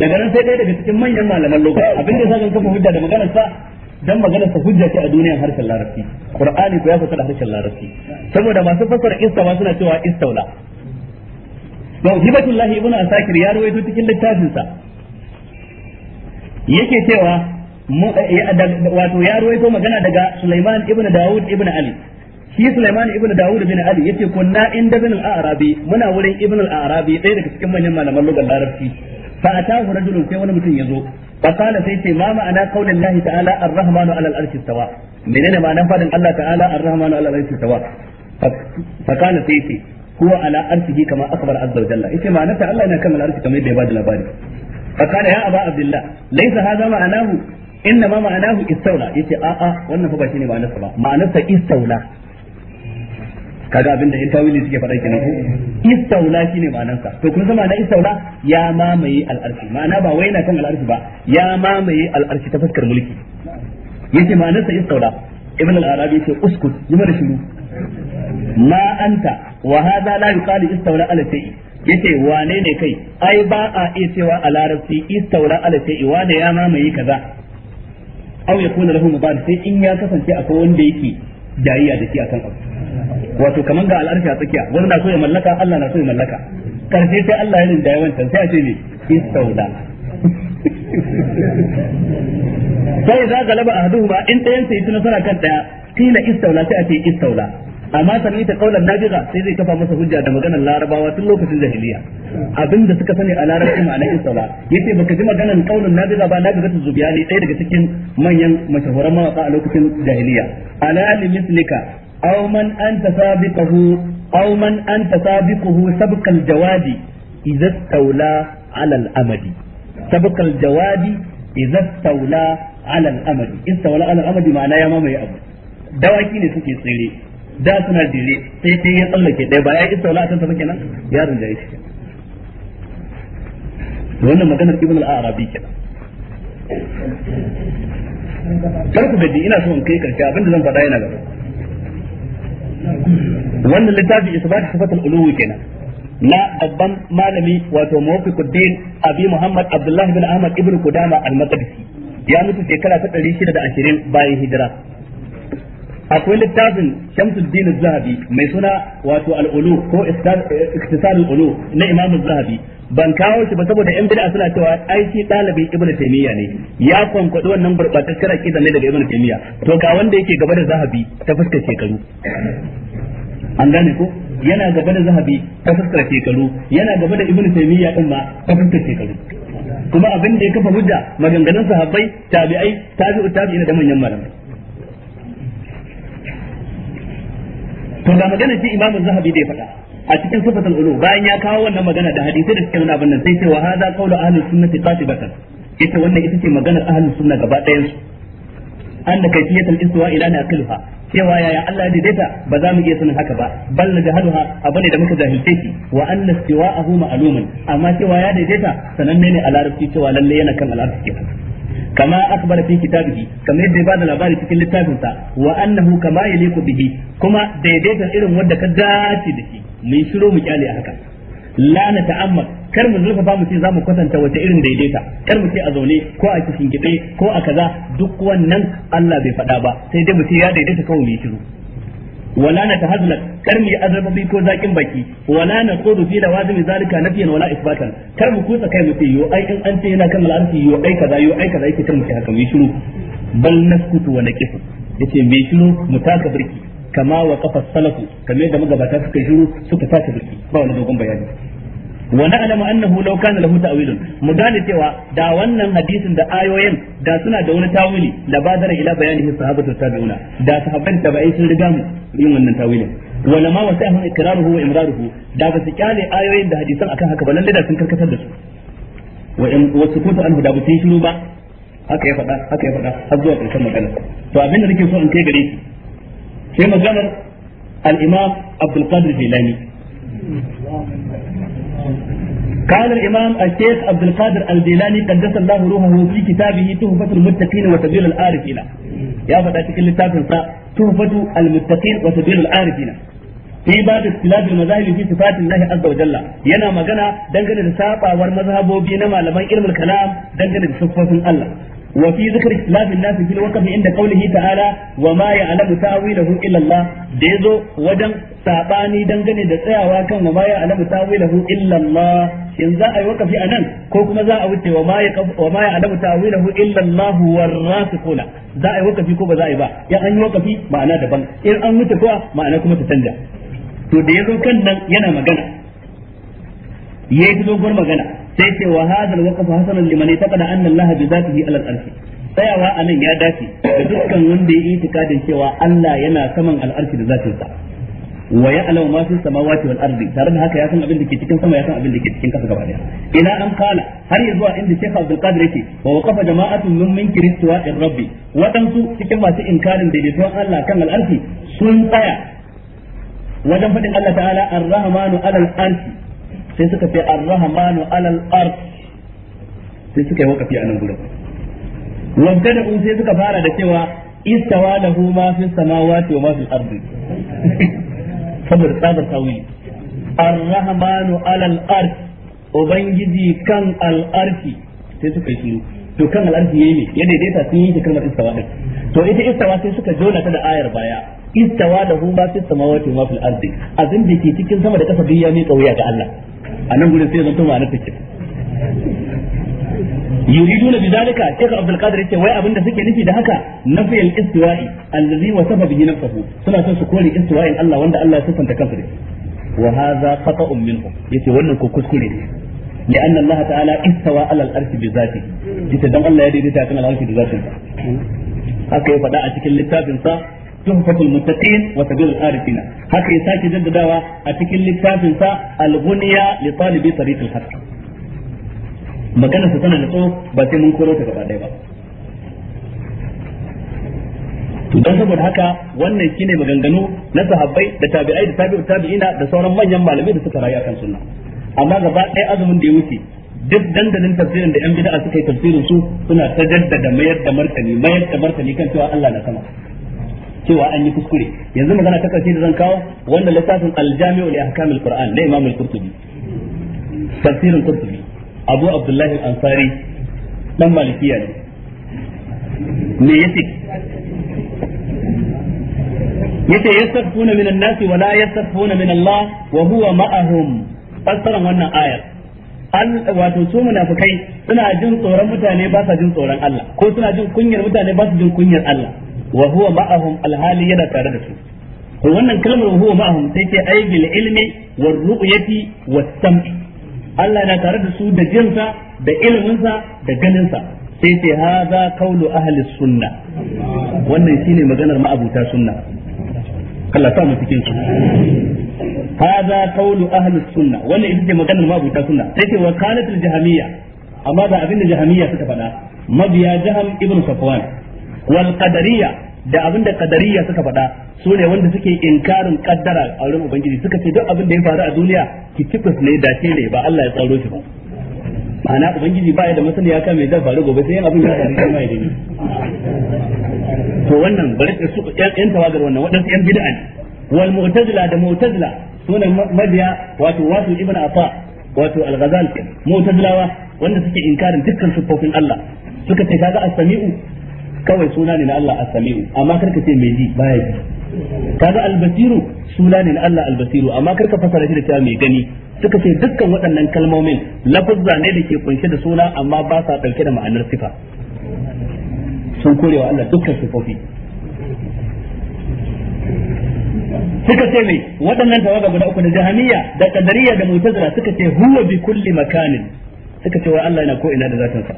[SPEAKER 1] daga nan sai ɗaya daga cikin manyan malaman lokaci abin da zan kafa hujja da magana sa dan magana sa hujja ce a duniyar harshen larabci qur'ani ko ya fasara harshen larabci saboda masu fasara istawa suna cewa istawla don hibatullahi ibnu asakir ya rawaito cikin littafinsa yake cewa eh, wato ya ruwaito magana daga Sulaiman ibn Dawud ibn Ali shi Sulaiman ibn Dawud ibn Ali yace na inda bin al-Arabi muna wurin ibn al-Arabi ɗaya daga cikin manyan malaman lugar Larabci fa atahu rajulun sai wani mutum yazo fa qala sai ce ma ma'ana qaulin Allah ta'ala ar-rahmanu 'ala al-arshi istawa menene ma'anar fadin Allah ta'ala ar-rahmanu 'ala al-arshi istawa fa qala sai ce huwa ala arshihi kama akbar azza wa jalla yace ma'anar ta Allah yana kan al'arshi kamar yadda ya bada labari fa ya aba abdullah laysa hadha ma'anahu inna ma ma'anahu istawla yace a a wannan fa ba shine ma'anar sa ba ma'anar sa istawla kaga abin da yan tawili suke faɗa kenan ko istawla shine ma'anar sa to kun san ma'anar istawla ya mamaye al'arshi ma'ana ba wai yana kan al'arshi ba ya mamaye al'arshi ta fuskar mulki yace ma'anar sa istawla ibn al-arabi yace uskut yi mana shiru ma anta wa hada la yuqalu istawla ala shay'i yace wane ne kai ai ba a iya cewa a larabci istawla ala shay'i wane ya mamaye kaza aw yakuna lahu mubad sai in ya kasance akwai wanda yake jayiya da shi akan abu wato kaman ga al'arshi a tsakiya wanda na so ya mallaka Allah na so ya mallaka karshe sai Allah ya rinda wancan sai a ce ne istawla sai za galaba ba in dayan sai tuna sana kan daya kila istaula sai a ce istaula amma sami ta kaulan nabiga sai zai kafa masa hujja da maganar larabawa tun lokacin jahiliya abinda suka sani a larabci ma'ana in ya yace baka ji maganar kaulan nabiga ba nabiga ta ne ɗaya daga cikin manyan mashahuran mawaka a lokacin jahiliya ala mislika aw man anta sabiqahu aw man anta sabiquhu sabqal jawadi idza tawla ala al amadi sabqal jawadi idza tawla ala al amadi tawla ala al amadi ma'ana ya mamaye abu dawaki ne suke tsire da suna dire sai sai ya tsallake ɗaya ba ya yi a akan sama kenan ya rinjaye shi wannan maganar ibn al-arabi kenan kar ku gaji ina so in kai karshe abinda zan faɗa yana gaba wannan littafi isbat sifatul uluwi kenan na babban malami wato muwaffiquddin abi muhammad abdullah bin ahmad ibn kudama al-maqdisi ya mutu shekara ta 620 bayan hijira akwai littafin din Zahabi mai suna wato al-Ulu ko Iktisar al-Ulu na Imam Zahabi ban kawo shi ba saboda yan bid'a suna cewa ai shi dalibin Ibn taymiya ne ya kwankwado wannan kira akida ne daga Ibn taymiya to ga wanda yake gaba da Zahabi ta fuskar shekaru an gane ko yana gaba da Zahabi ta fuskar shekaru yana gaba da Ibn taymiya din ma ta fuskar shekaru kuma abin da ya kafa hujja maganganun sahabbai tabi'ai tabi'u tabi'ina da manyan malamai to ga magana ce imamu zahabi da ya faɗa a cikin sifatul ulu bayan ya kawo wannan magana da hadisi da suke nuna abin nan sai ce wa hadha qawlu ahlus sunnati qatibatan ita wannan ita ce maganar ahlus sunna gaba ɗayan su anna kayfiyatul istiwa ila na aqilha cewa yaya Allah ya daidaita ba za mu iya sanin haka ba bal na jahaluha abane da muka jahilce shi wa anna istiwa'ahu ma'lumun amma cewa ya daidaita sananne ne a larabci cewa lalle yana kan al'arshi kenan kama akbar ta kitabihi kamar yadda ya bada labari cikin littafin sa wa annahu kama yaliku bihi kuma daidaita irin wanda ka dace da shi mu yi shiru mu kyale a haka la na kar mu zulfafa mu ce za mu kwatanta wace irin daidaita kar mu ce a zaune ko a cikin gide ko a kaza duk wannan Allah bai faɗa ba sai dai mu ce ya daidaita kawai mu yi shiru wala na tahazlak kar mu yi azarbabi ko zakin baki wala na qudu fi lawazim zalika nafiyan wala isbatan kar mu kusa kai mu yo ai in an ce yana kan al'arfi yo ai kaza yo ai kaza yake kar mu haka mu shiru bal naskutu wa naqifu yace me shiru mu taka birki kama wa qafa salafu kamar da magabata suka shiru suka taka birki ba wani dogon bayani wa na'lamu annahu law kana lahu ta'wilun mu gane cewa da wannan hadisin da ayoyin da suna da wani tawili la badara ila bayanihi sahabatu tabi'una da sahabban tabi'ai sun riga mu yin wannan tawilin wala ma wasa'ahum ikraruhu wa imraruhu da ba su kyale ayoyin da hadisan akan haka ba lalle da sun karkatar da su wa in wasukutu anhu da ba su shiru ba haka ya faɗa haka ya faɗa har zuwa ƙarshen magana to abin da nake so in kai gare shi sai maganar al-imam Abdul Qadir Jilani قال الإمام الشيخ عبد القادر الجيلاني قدس الله روحه في كتابه تهفة المتقين وسبيل العارفين يا فتاة كل تهفة المتقين وسبيل العارفين في باب اختلاف المذاهب في صفات الله عز وجل yana magana dangane da sabawar mazhabobi na malaman ilmul kalam dangane da siffofin Allah وفي ذكر اختلاف الناس في الوقف عند قوله تعالى وما يعلم تاويله الا الله ديزو وجن sabani dangane da tsayawa kan wa ma ya'lamu tawilahu illa Allah in za a yi wakafi a nan ko kuma za a wuce wa ma ya'lamu tawilahu illa Allah war rasikuna za a yi wakafi ko ba za a yi ba in an yi wakafi ma'ana daban in an wuce kuwa ma'ana kuma ta canja to da kan nan yana magana yayi dogon magana sai ce wa hadal waqf hasanan liman yataqada anna Allah bi zatihi ala al-arshi tsayawa anan ya dace da dukkan wanda ya yi itikadin cewa Allah yana saman al-arshi da sa. wa ya'lamu ma fi samawati wal ardi tare da haka ya san abin da ke cikin sama ya san abin da ke cikin kasa gaba daya ila an kana har yanzu a inda Sheikh Abdul Qadir yake wa waqafa jama'atun min min kristiwa in rabbi wadansu cikin masu inkarin daidaituwan Allah kan al sun tsaya wajen fadin Allah ta'ala ar-rahmanu alal arshi sai suka ce ar-rahmanu alal ard sai suka yi wakafi a nan gurin wanda da sai suka fara da cewa istawa lahu ma fi samawati wa ma fil ardi saboda tsabar tawili ar-rahmanu alal ard ubangiji kan al sai suka yi shiru to kan ya yi ne ya daidaita sun yi kalmar istawa din to ita istawa sai suka jona ta da ayar baya istawa da hu ma samawa ta wa fil a abin da ke cikin sama da kasa ya miƙa wuya ga Allah a nan gurin sai zanto ma'anar take yuriduna bidalika shaykh abdul qadir yace wai abin da suke nufi da haka nafi al istiwa'i allazi wasafa bihi nafsuhu suna son su kore istiwa'in Allah wanda Allah ya sifanta kansa da shi wa hadha qata'un minhum yace wannan ko kuskure ne لأن الله تعالى استوى على الأرش بذاته يتدم الله يدي ذاته على الأرش بذاته هكذا فداء تكل لتاب صح تحفة المتقين وسبيل العارفين هكذا يساكي جد دعوة أتكل لتاب صح الغنية لطالب طريق الحق magana su tana da tso ba sai mun koro ta ba dan saboda haka wannan shine maganganu na sahabbai da tabi'ai da tabi'ut tabi'ina da sauran manyan malamai da suka rayu akan sunna amma gaba ɗaya azumin da ya wuce duk dandalin tafsirin da yan bid'a suka yi tafsirin su suna ta jaddada mayar da martani mayar da martani kan cewa Allah na sama cewa an yi kuskure yanzu magana ta karshe da zan kawo wannan littafin al-jami'u li ahkamil qur'an na imam al-qurtubi tafsirin qurtubi abu abdullahi al-ansari dan malikiya ne me yace yace yastaghfuna min an-nas wa la yastaghfuna min Allah wa huwa ma'ahum fassaran wannan ayar wato su munafikai suna jin tsoron mutane ba sa jin tsoron Allah ko suna jin kunyar mutane ba su jin kunyar Allah wa huwa ma'ahum alhali yana tare da su to wannan kalmar wa huwa ma'ahum sai ke da ilmi wa ru'yati wa sam'i Allah yana tare da su da jinsa da ilminsa da ganinsa sai ce haza kaulu ahli sunna wannan shine maganar ma'abuta sunna Allah sa mu cikin su هذا قول أهل السنة ولا إذا ما كان ما بوتا سنة تيتي وكانت الجهمية أما ذا أبن الجهمية تتفنا ما بيا جهم ابن صفوان والقدرية da abin da kadariya suka faɗa su ne wanda suke inkarin kaddara a wurin ubangiji suka ce duk abin da ya faru a duniya ki tikus ne da ce ne ba Allah ya tsaro shi ba ma'ana ubangiji ba ya da masaniya kan mai zai faru gobe sai abin ya faru kuma ya to wannan bari su yan tawagar wannan waɗansu yan bid'a ne wal mu'tazila da mu'tazila sunan mabiya wato wasu afa wato al-ghazal mu'tazilawa wanda suke inkarin dukkan sufofin Allah suka ce kaga as-sami'u kawai suna ne na Allah as amma karka ce mai ji baya ji kaga suna ne na Allah amma karka da gani suka ce dukkan waɗannan kalmomin lafazza ne da ke kunshe da suna amma ba sa ɗauke da ma'anar sifa sun korewa Allah dukkan sifofi suka ce me waɗannan tawaga guda uku da jahaniya da qadariyya da mu'tazila suka ce huwa bi kulli makanin suka ce wai Allah yana ko ina da zatin sa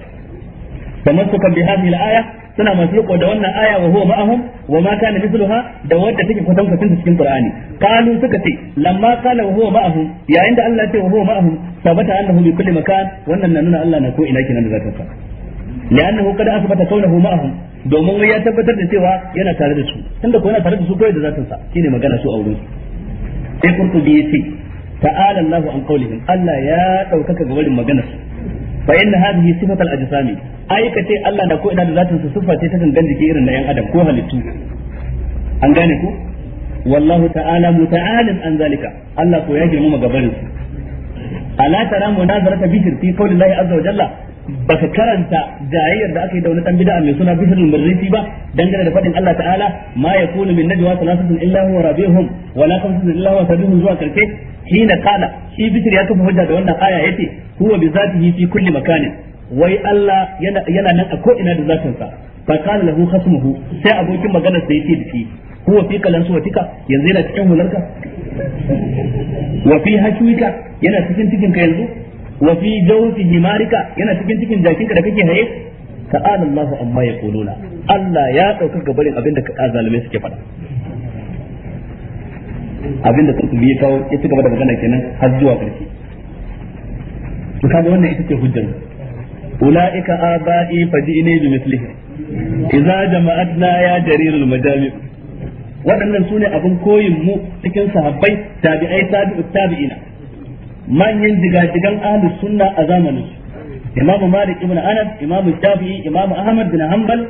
[SPEAKER 1] tamassukan bi hadhihi al-aya suna masu riko da wannan aya wa huwa ma'ahum wa ma kana mithluha da wadda take kwatan kwatan cikin qur'ani qalu suka ce lamma qala wa huwa ma'ahum yayin da Allah ya ce wa huwa ma'ahum sabata annahu bi kulli makan wannan na nuna Allah na ko ina kenan da zatin sa لأنه قد أثبت كونه معهم domin wai ya tabbatar da cewa yana tare da su tunda ko yana tare da su ko da zatin sa shine magana su a wurin sai qurtubi yace ta'ala Allahu an qawlihim Allah ya daukaka ga wurin maganar su fa inna hadhihi sifatul ajsami ai kace Allah da ko ina da zatin sa sifa ce ta gangan jiki irin na yan adam ko halittu an gane ku wallahu ta'ala muta'alim an zalika Allah ko ya girmama gabarin su ala tara munazarata bihir fi qawlillahi azza wa jalla baka karanta jayayyar da aka yi da wani dan bid'a mai suna bishr al-marrisi ba dangane da fadin Allah ta'ala ma yakunu min najwa thalathatin illa huwa rabihum wa la khamsatun illa huwa sabihum zuwa karshe hina qala shi bishr ya kafa hujja da wannan aya yace huwa bi zatihi fi kulli makanin wai Allah yana nan a ko ina da zatinsa fa qala lahu khasmuhu sai abokin magana sai yace dake huwa fi kalansu wa tika yanzu yana cikin hularka wa fi hashuika yana cikin cikin ka yanzu wa fi jawfi himarika yana cikin cikin jakin ka da kake haye ta'ala Allah amma ya kuluna Allah ya dauka gabarin abinda ka zalume suke faɗa abinda su ya kawo ya ci gaba da magana kenan har zuwa ƙarshe to kaga wannan ita ce hujjar ulaika aba'i fadi'ini bi mislihi idza jama'atna ya jarirul majami' waɗannan sune abin koyin mu cikin sahabbai tabi'ai tabi'u tabi'ina manyan jigajigan ahlus sunna a zamanin su imam malik ibn anas imam shafi'i imam ahmad bin hanbal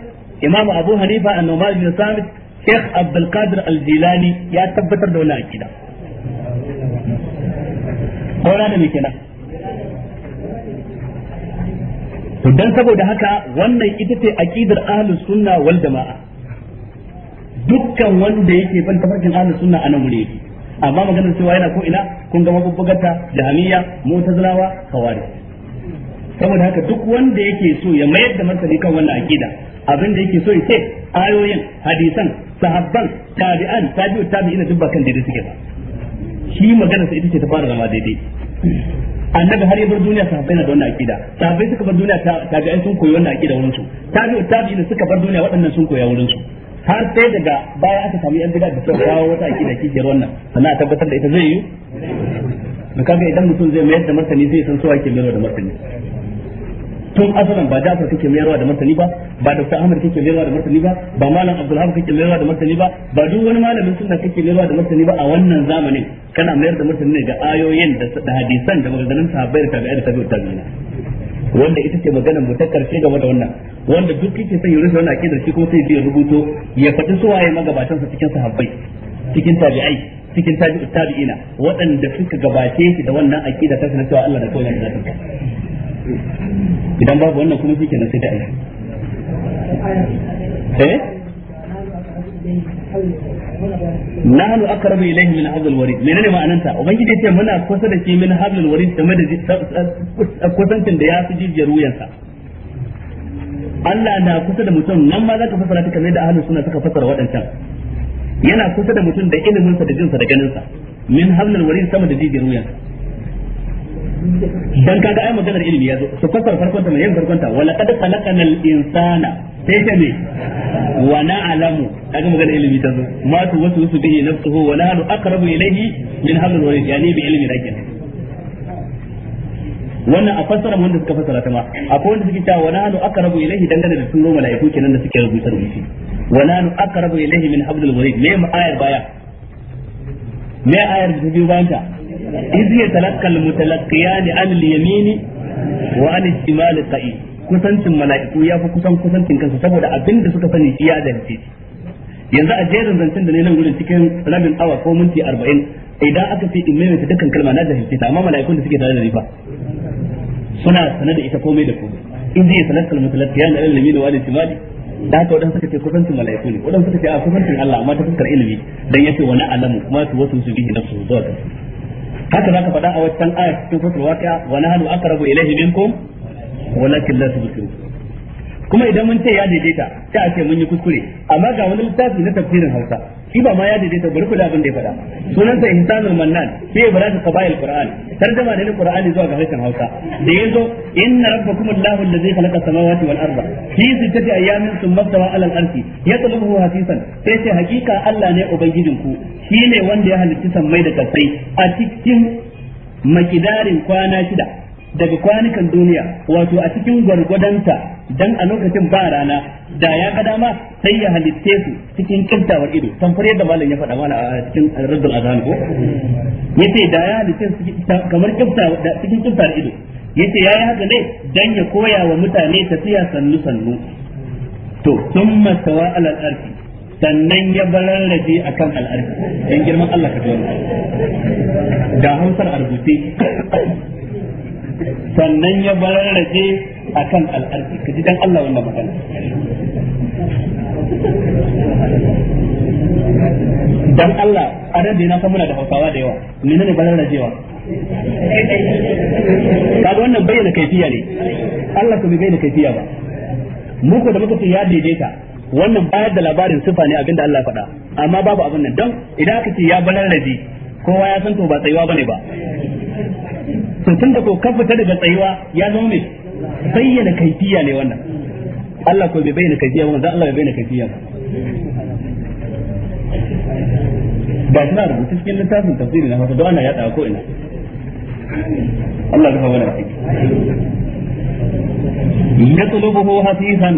[SPEAKER 1] imam abu hanifa an-numan bin samit sheikh abdul qadir al-jilani ya tabbatar da wannan akida kora da kina. to dan saboda haka wannan ita ce akidar ahlus sunna wal jamaa dukkan wanda yake ban tafarkin ahlus sunna nan wuri yake amma maganar cewa yana ko ina kun ga mabubbugarta jahamiya mu'tazilawa kawari. saboda haka duk wanda yake so ya mayar da martani kan wannan aqida abin da yake so ya ce ayoyin hadisan sahabban tabi'an tabi'u tabi'in duk ba kan daidai suke ba shi maganar sa ita ce ta fara zama daidai annabi har ya bar duniya sahabbai na da wannan aqida sahabbai suka bar duniya tabi'ai sun koyi wannan aqida wurin su tabi'u tabi'in suka bar duniya waɗannan sun koya wurin su har sai daga baya aka samu yan bid'a da suka kawo wata akida kike wannan sannan a tabbatar da ita zai yi da kaga idan mutum zai mayar da martani zai san suwa ke mayarwa da martani tun asalin ba Jafar kake mayarwa da martani ba ba Dr. Ahmad kake mayarwa da martani ba ba Malam Abdulhamid kake mayarwa da martani ba ba duk wani malamin sunna kake mayarwa da martani ba a wannan zamanin kana mayar da martani ne ga ayoyin da hadisan da maganganun sahabbai da tabi'ai da tabi'ut tabi'ina wanda ita ce magana mu ta karshe game da wannan wanda duk yake sai yurusa wannan akidar shi kuma sai ya rubuto ya faɗi su waye magabatan sa cikin sahabbai cikin tabi'ai cikin tabi'u tabi'ina waɗanda suka gabace shi da wannan akida ta sanar cewa Allah da kawai da zaka idan babu wannan kuma shi kenan sai da ai eh nahnu aqrabu ilayhi min hablil warid menene ma'ananta ubangiji ya ce muna kusa da shi min hablil warid game da kusantin da ya fi jijiyar wuyansa Allah na kusa da mutum nan ma zaka fasara ta kamar da ahlus sunna suka fasara waɗancan yana kusa da mutum da ilimin sa da jinsa da ganin sa min hablil warid sama da jijiyar wuyansa dan kaga ai maganar ilimi ya zo su fassara farkon ta mai farkon ta wala qad khalaqanal insana sai ce ne wa na'lamu kaga maganar ilimi ta zo ma tu wasu su bihi nafsuhu wa nahnu aqrabu ilayhi min hablil warid yani bi ilmi rajul wannan a fassara wanda suka fassara ta ma akwai wanda suke cewa wala nu aqrabu ilayhi dangane da sunan malaiku kenan da suke rubuta rubuci wala nu aqrabu ilayhi min hablil warid me ayar baya me ayar da biyu bayan ta iz yatalaqqa al-mutalaqqiyan an al-yamini wa an al-shimali qa'id kusancin mala'iku ya fi kusan kusancin kansa saboda abin da suka sani shi ya dace yanzu a jerin zancen da ne nan wurin cikin rabin awa ko minti arba'in idan aka fi in maimaita dukkan kalma na jahilci ta amma mala'ikun da suke tare da ni fa suna sane da ita komai da komai in zai sanar kalmar talatiya na ilimi da wani shimali da haka wadansu suka ce kusancin mala'iku ne wadansu suka ce a kusancin Allah amma ta fuskar ilimi dan yace wani alamu ma su wasu su bihi nafsu zuwa kansu haka zaka faɗa a wancan aya cikin suratul waqi'a wa nahnu aqrabu ilayhi minkum walakin la tubsirun kuma idan mun ce ya daidaita sai a ce mun yi kuskure amma ga wani littafi na tafsirin Hausa shi ba ma ya daidaita bari ku da abin da ya faɗa sunansa ihsanul mannan fi ibrahim qabail qur'an tarjuma ne na qur'ani zuwa ga harshen Hausa da yazo inna rabbakumullahu allazi khalaqa samawati wal arda fi sittati ayamin thumma tawa ala al-arshi yatlubuhu hasisan sai ce hakika Allah ne ubangijin ku shine wanda ya halitta sammai da kasai a cikin makidarin kwana shida daga kwanikan duniya wato a cikin gwargwadonta dan a lokacin ba rana da ya ga dama sai ya halitta su cikin kintawar ido tamfar yadda malam ya faɗa mana a cikin rabbul azan ko yace da ya halitta su kamar kintawa cikin kintawar ido yace yayi haka ne dan ya koya wa mutane tafiya sannu sannu to sun sawa ala al-arfi sannan ya bararraje akan al-arfi dan girman Allah ka tawo da hausar arbuti sannan ya bararraje akan al-arfi kaji dan Allah wannan magana dan Allah a da na san muna da hausawa da yawa menene bararrajewa
[SPEAKER 3] kaga wannan bayyana kaifiya ne
[SPEAKER 1] Allah ku bayyana kaifiya ba mu ko da muka ce ya daidaita wannan bayar da labarin sifa ne abinda Allah faɗa amma babu abin nan don idan aka ce ya balarabi kowa ya san to ba tsayuwa bane ba to tun da ko ka fita daga tsayuwa ya zama mai bayyana kaifiya ne wannan Allah ko bai bayyana kaifiya ba Allah bai bayyana kaifiya ba ba da mutum cikin littafin tafsiri na hausa don ana yaɗa ko ina Allah rufa mana asiri hafifan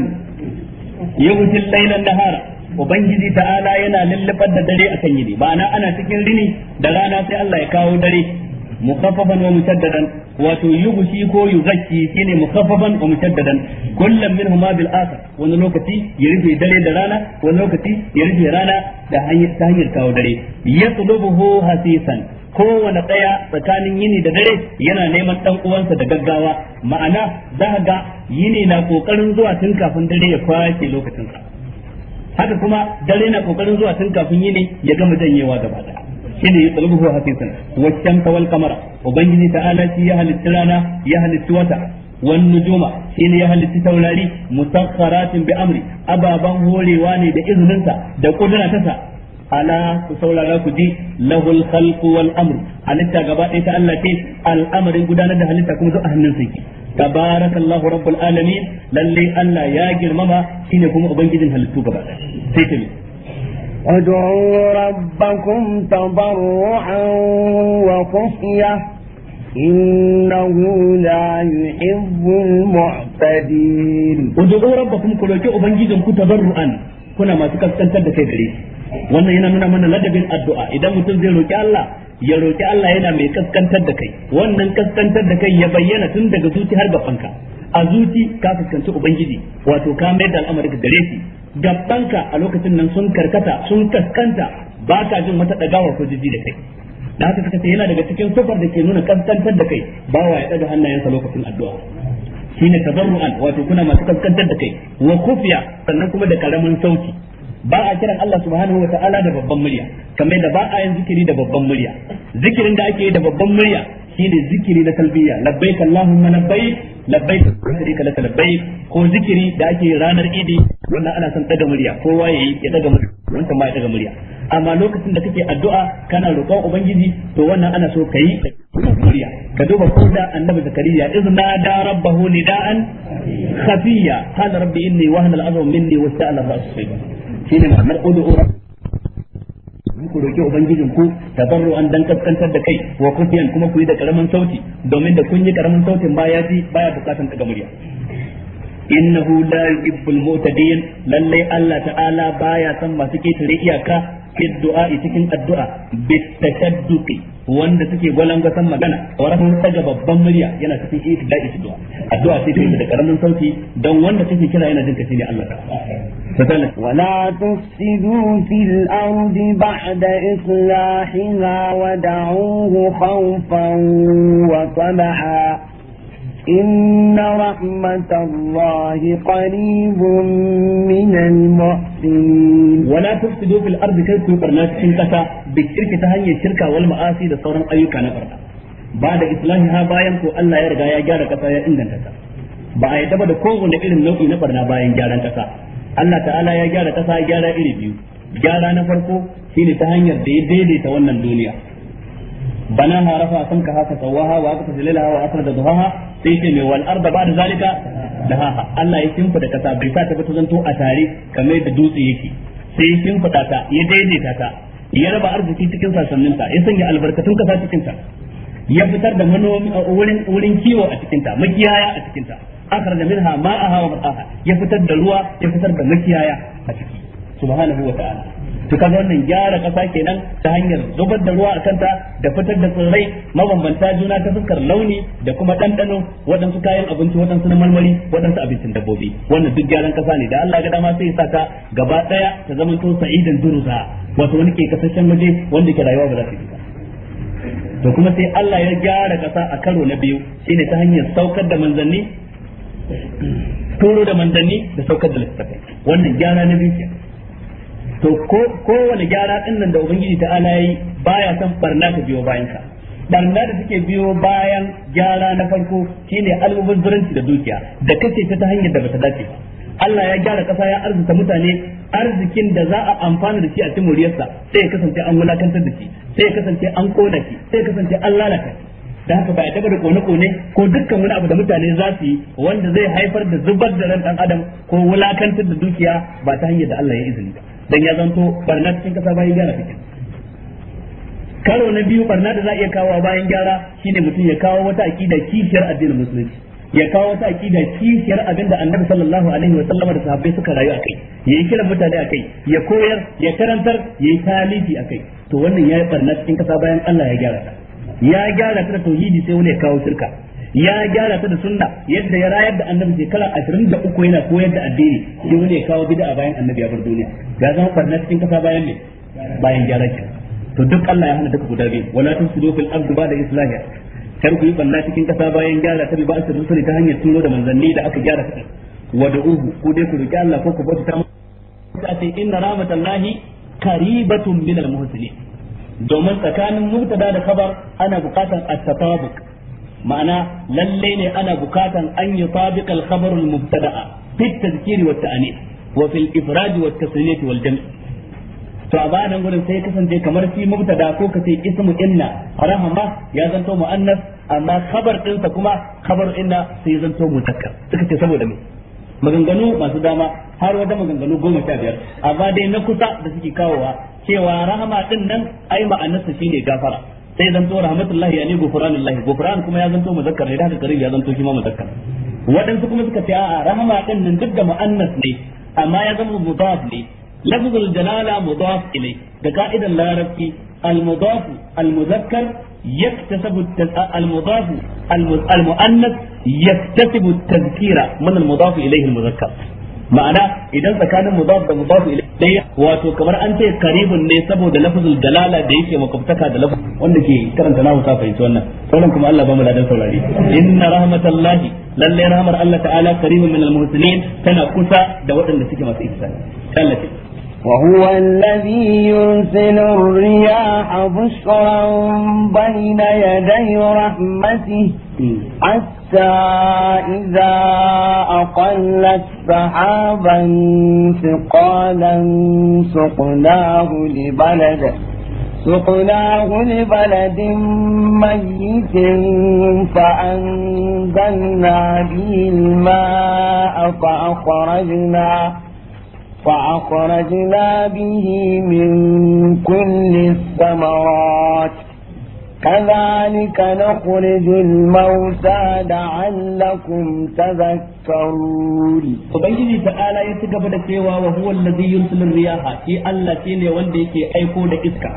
[SPEAKER 1] ya wuce lailan nahara ubangiji ta'ala yana lallabar da dare a yini ma'ana ana cikin rini da rana sai Allah ya kawo dare min huma وتيغشي كو يغشي شيني lokaci ya كلا dare da rana لوكتي يرفي دلي ya وان rana يرفي hanyar تهنير kawo dare yatlubuhu hasisan kowane daya tsakanin yini da dare yana neman dan uwansa da gaggawa ma'ana za ga yini na kokarin zuwa tun kafin dare ya kwace lokacinsa haka kuma dare na kokarin zuwa tun kafin yini ya gama janyewa gaba daya shine ya tsalu ko hakisan waccan kawal kamara ubangiji ta'ala shi ya halitta rana ya halitta wata wan nujuma shine ya halitta taurari musakharatin bi amri ababan horewa ne da izininsa da kudura ta. ala ku saurara ku ji lahul khalqu wal amr halitta gaba ɗaya ta Allah ce al'amarin gudanar da halitta kuma duk a hannun sai tabarakallahu rabbul alamin lalle Allah ya girma girmama shine kuma ubangijin halittu gaba ɗaya sai ta
[SPEAKER 2] ادعوا ربكم تضرعا وخفية إنه لا
[SPEAKER 1] يحب المعتدين ادعوا ربكم كل شيء أبنجيكم تضرعا كنا ما تكفتن تدك wannan yana nuna mana ladabin addu'a idan mutum zai roki Allah ya roki Allah yana mai kaskantar da kai wannan kaskantar da kai ya bayyana tun daga zuci har gabanka a zuci ka fuskanci ubangiji wato ka mai da al'amari ga gare shi fanka a lokacin nan sun karkata sun kaskanta ba ka jin wata dagawa ko jiji da kai da haka suka yana daga cikin sufar da ke nuna kaskantar da kai bawa ya daga hannayensa lokacin addu'a shine tabarru'an wato kuna masu kaskantar da kai wa kufiya sannan kuma da karamin sauki ba a kiran Allah subhanahu wa ta'ala da babban murya kamar da ba a yin zikiri da babban murya zikirin da ake yi da babban murya shine zikiri na talbiya labbaik allahumma labbaik labbaik shirika lak labbaik ko zikiri da ake ranar idi wannan ana son daga murya Ko waye ya daga murya wanda ma ya daga murya amma lokacin da kake addu'a kana roƙon ubangiji to wannan ana so kai murya ka duba ko da annabi zakariya izna da rabbahu nida'an khafiya qala rabbi inni wahana al'azmu minni wasta'ala ra'su shine ma'anar mun ku roki ubangijin ku tabarru an dan kaskantar da kai wa kufiyan kuma ku yi da karamin sauti domin da kun yi karamin sautin ba ya ji baya bukatan daga murya innahu la yuhibbul mu'tadin lalle Allah ta'ala baya san masu ketare iyaka fi du'a cikin addu'a bit tashadduqi wanda suke gwalangasan magana warakan daga babban murya yana cikin ibtida'i su du'a addu'a sai ta da karamin sauti don wanda take kira yana jinka shine Allah ta'ala wala tufsidu
[SPEAKER 2] fil ardi ba'da islahiha wad'uhu khawfan wa tama'a إن رحمة الله قريب من
[SPEAKER 1] المحسنين ولا تفسدوا في الأرض كيف برناس شنكتا بكرك تهني الشركة والمآسي لصورا أيوكا نفرنا بعد إصلاحها باين كو ألا يرجع يا جارة كتا يا إندن كتا ba a yadda da kowane irin nau'i na barna bayan gyaran kasa Allah ta'ala ya gyara kasa gyara iri biyu gyara na farko ne ta hanyar da ya daidaita wannan duniya bana harafa san ka haka sawaha wa aka asar da duhaha sai ce mai wal arda ba da zalika da haha. Allah ya da kasa bai sa ta zanto a tare kamar da dutse yake sai ya shimfida ta ya daidaita ta ya raba arziki cikin sassaninta ya sanya albarkatun kasa cikin ta ya fitar da manomi wurin wurin kiwo a cikin ta makiyaya a cikin ta da minha ma'aha wa ya fitar da ruwa ya fitar da makiyaya a ciki subhanahu wa ta'ala to kaga wannan gyara kasa kenan ta hanyar zubar da ruwa a kanta da fitar da tsirrai mabambanta juna ta fuskar launi da kuma ɗanɗano waɗansu kayan abinci waɗansu na marmari waɗansu abincin dabbobi wannan duk gyaran kasa ne da Allah ga dama sai ya saka gaba ɗaya ta zama to sa'idan durusa wato wani ke kasashen waje wanda ke rayuwa ba za su yi ba to kuma sai Allah ya gyara kasa a karo na biyu shine ta hanyar saukar da manzanni turo da manzanni da saukar da littattafai wannan gyara na biyu to ko kowane gyara din nan da ubangiji ta ala yi baya san barna ta biyo bayan ka barna da take biyo bayan gyara na farko shine almubazzaranci da dukiya da kace ta ta hanyar da bata dace Allah ya gyara kasa ya arzuta mutane arzikin da za a amfana da shi a timuriyarsa sai ya kasance an wulakantar da shi sai ya kasance an kona shi sai ya kasance an lalata shi da haka ba ya taba da kone-kone ko dukkan wani abu da mutane za su yi wanda zai haifar da zubar da ran dan adam ko wulakantar da dukiya ba ta hanyar da Allah ya izini ba dan ya zanto barna cikin kasa bayan gyara cikin karo na biyu barna da za a iya kawo bayan gyara shine mutum ya kawo wata akida kishiyar addinin musulunci ya kawo wata akida kishiyar abin da annabi sallallahu alaihi wa sallam da sahabbai suka rayu akai yayi kiran mutane akai ya koyar ya karantar yayi talibi akai to wannan yayi barna cikin kasa bayan Allah ya gyara ta ya gyara ta tauhidi sai wani ya kawo shirka ya gyara ta da sunna yadda ya rayar da annabi shekara ashirin da uku yana koyar da addini shi wani ya kawo bid'a bayan annabi ya bar duniya ga zama farna cikin kasa bayan ne bayan gyara ki to duk Allah ya hana duka guda biyu wala tun tusidu ardu ba da islahiya kar ku yi banna cikin kasa bayan gyara ta bi su rusuli ta hanyar turo da manzanni da aka gyara ta uhu ku dai ku roki Allah ko ku bauta ta ce inna rahmatallahi qaribatun minal muhsinin domin tsakanin mubtada da khabar ana buƙatar at-tatabuq ma'ana lalle ne ana bukatan an yi tabiqa al-khabar al-mubtada'a fi at-tadhkir wa at-ta'nith wa fi al-ifrad wa at-tasniyat wal jam' to a bayan gurin sai kasance kamar fi mubtada ko kace ismu inna rahama ya zanto muannas amma khabar din sa kuma khabar inna sai zanto mutakkar suka ce saboda me maganganu masu dama har wata maganganu goma sha biyar amma dai na kusa da suke kawowa cewa rahama din nan ai ma'anarsa shine gafara sai zanto rahmatullahi yani gufranullahi gufran kuma ya zanto muzakkar ne da haka karim ya zanto shi ma muzakkar waɗansu kuma suka ce a'a rahama din nan duk da mu'annas ne amma ya zama mudaf ne lafzul jalala mudaf ilai da ka'idan larabci al mudaf al muzakkar yaktasabu al mudaf al mu'annas yaktasabu tadhkira min al mudaf ilayhi al muzakkar ma'ana idan tsakanin da daya wato kamar an ce karibun ne saboda lafazul dalala da yake makwabtaka da lafaz wanda ke karanta nahu ta fahimci wannan sauran kuma Allah ba mu ladan saurari inna rahmatallahi lalle rahmar Allah ta'ala karibun min almuhsinin tana kusa da waɗanda suke masu ihsan Allah وهو الذي يرسل الرياح بشرا
[SPEAKER 2] بين يدي رحمته حتى إذا أقلت سحابا ثقالا سقناه لبلد سقناه لبلد ميت فأنزلنا به الماء فأخرجنا فأخرجنا به من كل الثمرات كذلك نخرج الموتى لعلكم
[SPEAKER 1] تذكرون وبنجي تعالى يتقب دكيوا وهو الذي يرسل الرياح في الله كيني وندي كي ايكو دا اسكا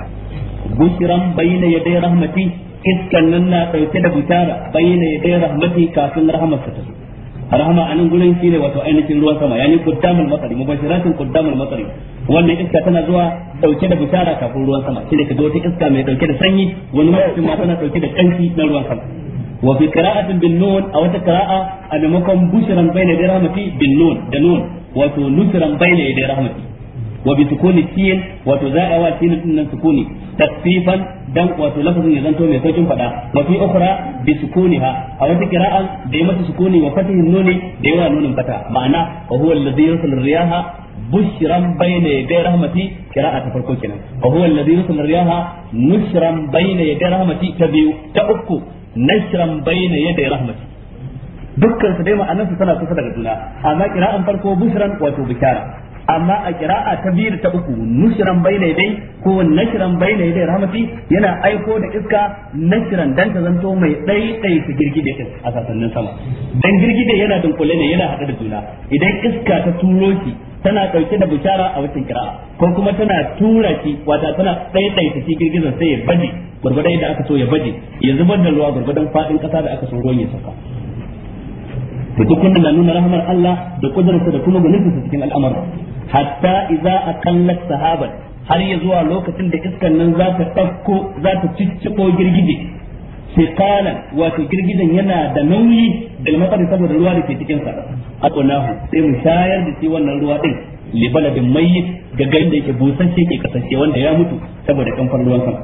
[SPEAKER 1] بشرا بين يدي رحمتي iskan nan na ɗauke da bishara bayyana ya dai rahmati kafin rahmar ta zo rahama anan gurin shine wato ainihin ruwan sama yani qaddamul masari mubashiratin qaddamul masari wannan iska tana zuwa dauke da bishara kafin ruwan sama shine kaga wata iska mai dauke da sanyi wani lokacin ma tana dauke da kanki na ruwan sama wa fi qira'atin bin nun aw ta qira'a anamakum bushran bayna yaday bin nun da nun wato nusran bayna yaday rahmati wa bi sukuni tin wato za a wa tin sukuni tasfifan dan wato lafazin ya zanto mai saukin fada wa fi ukhra bi sukuniha a wata qira'an da ya mata sukuni wa fatihin nuni da yawa nunin fata ma'ana wa dai ma'anarsu tana kusa daga juna amma qira'an farko bushran wato bishara amma a kira'a ta biyu da ta uku nushiran baina yadai ko nashiran baina dai, rahmati yana aiko da iska nashiran dan ta zanto mai daidai ta girgide a sasannin sama dan girgide yana dunkule ne yana hada da juna idan iska ta turo shi tana dauke da bishara a wacin kira'a ko kuma tana tura shi wata tana daidai ta girgizan sai ya baje gurgurdan da aka so ya baje ya zubar da ruwa gurgurdan faɗin ƙasa da aka so ruwan ya saka to duk wannan na nuna rahmar Allah da kudararsa da kuma gwaninsa cikin al'amura hatta idza aqallat sahaban har ya zuwa lokacin da iskan nan za ta ɗauko za ta cicciko girgije sikalan wato girgijen yana da nauyi da matsari saboda ruwa da ke cikin sa aqunahu sai mu shayar da shi wannan ruwa din Libala baladin mayyit ga garin da yake busasshe ke kasance wanda ya mutu saboda kamfan ruwan sama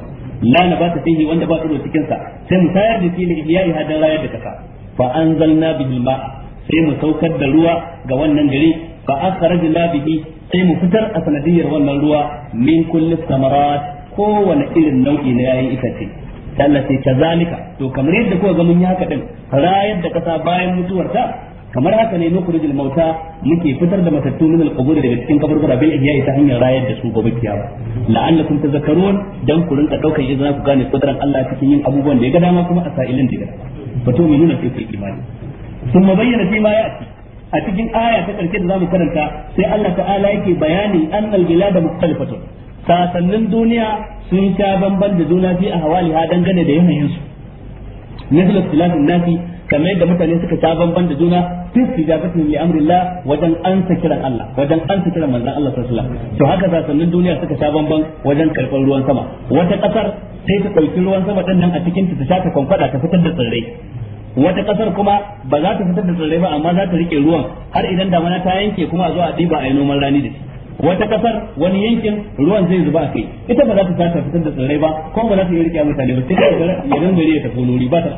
[SPEAKER 1] la nabata fihi wanda ba tsiro cikin sa sai mu shayar da shi li yi hadan rayar da kasa fa anzalna bihi ma'a sai mu saukar da ruwa ga wannan gari fa akhrajna bihi sai mu fitar a sanadiyar wannan ruwa min kulli samarat kowane irin nau'i na yayin itace Allah sai kazalika to kamar yadda kuka ga mun yi haka din rayar da kasa bayan mutuwarta kamar haka ne nukhrijul mauta muke fitar da matattu min al daga cikin kaburbura bil ihya ta hanyar rayar da su gobe kiyama la'allakum tazakkarun dan ku rinka daukar idan ku gane kudran Allah cikin yin abubuwan da ya ga dama kuma a sa'ilin da mu nuna sai imani ثم بين فيما يأتي a cikin aya ta karshe da zamu karanta sai Allah ta'ala yake bayani annal bilada mukhtalifatun sasannin duniya sun sha bamban da juna fi a hawali ha dangane da yanayin su misal ikhtilafin nafi kamar yadda mutane suka sha bamban da juna fi istijabatin li amrillah wajen ansa kiran Allah wajen ansa kiran manzon Allah sallallahu alaihi wasallam to haka sasannin duniya suka sha bamban wajen karban ruwan sama wata kasar sai ta ɗauki ruwan sama ɗin nan a cikin ta ta sha ta kwankwada ta fitar da tsirrai wata kasar kuma ba za ta fitar da tsirrai ba amma za ta rike ruwan har idan damana ta yanke kuma a zo a ɗiba a yi noman rani da shi wata kasar wani yankin ruwan zai zuba a kai ita ba za ta sata fitar da tsirrai ba kuma ba za ta yi rike mutane ba sai ya gari ya tafi lori ba ta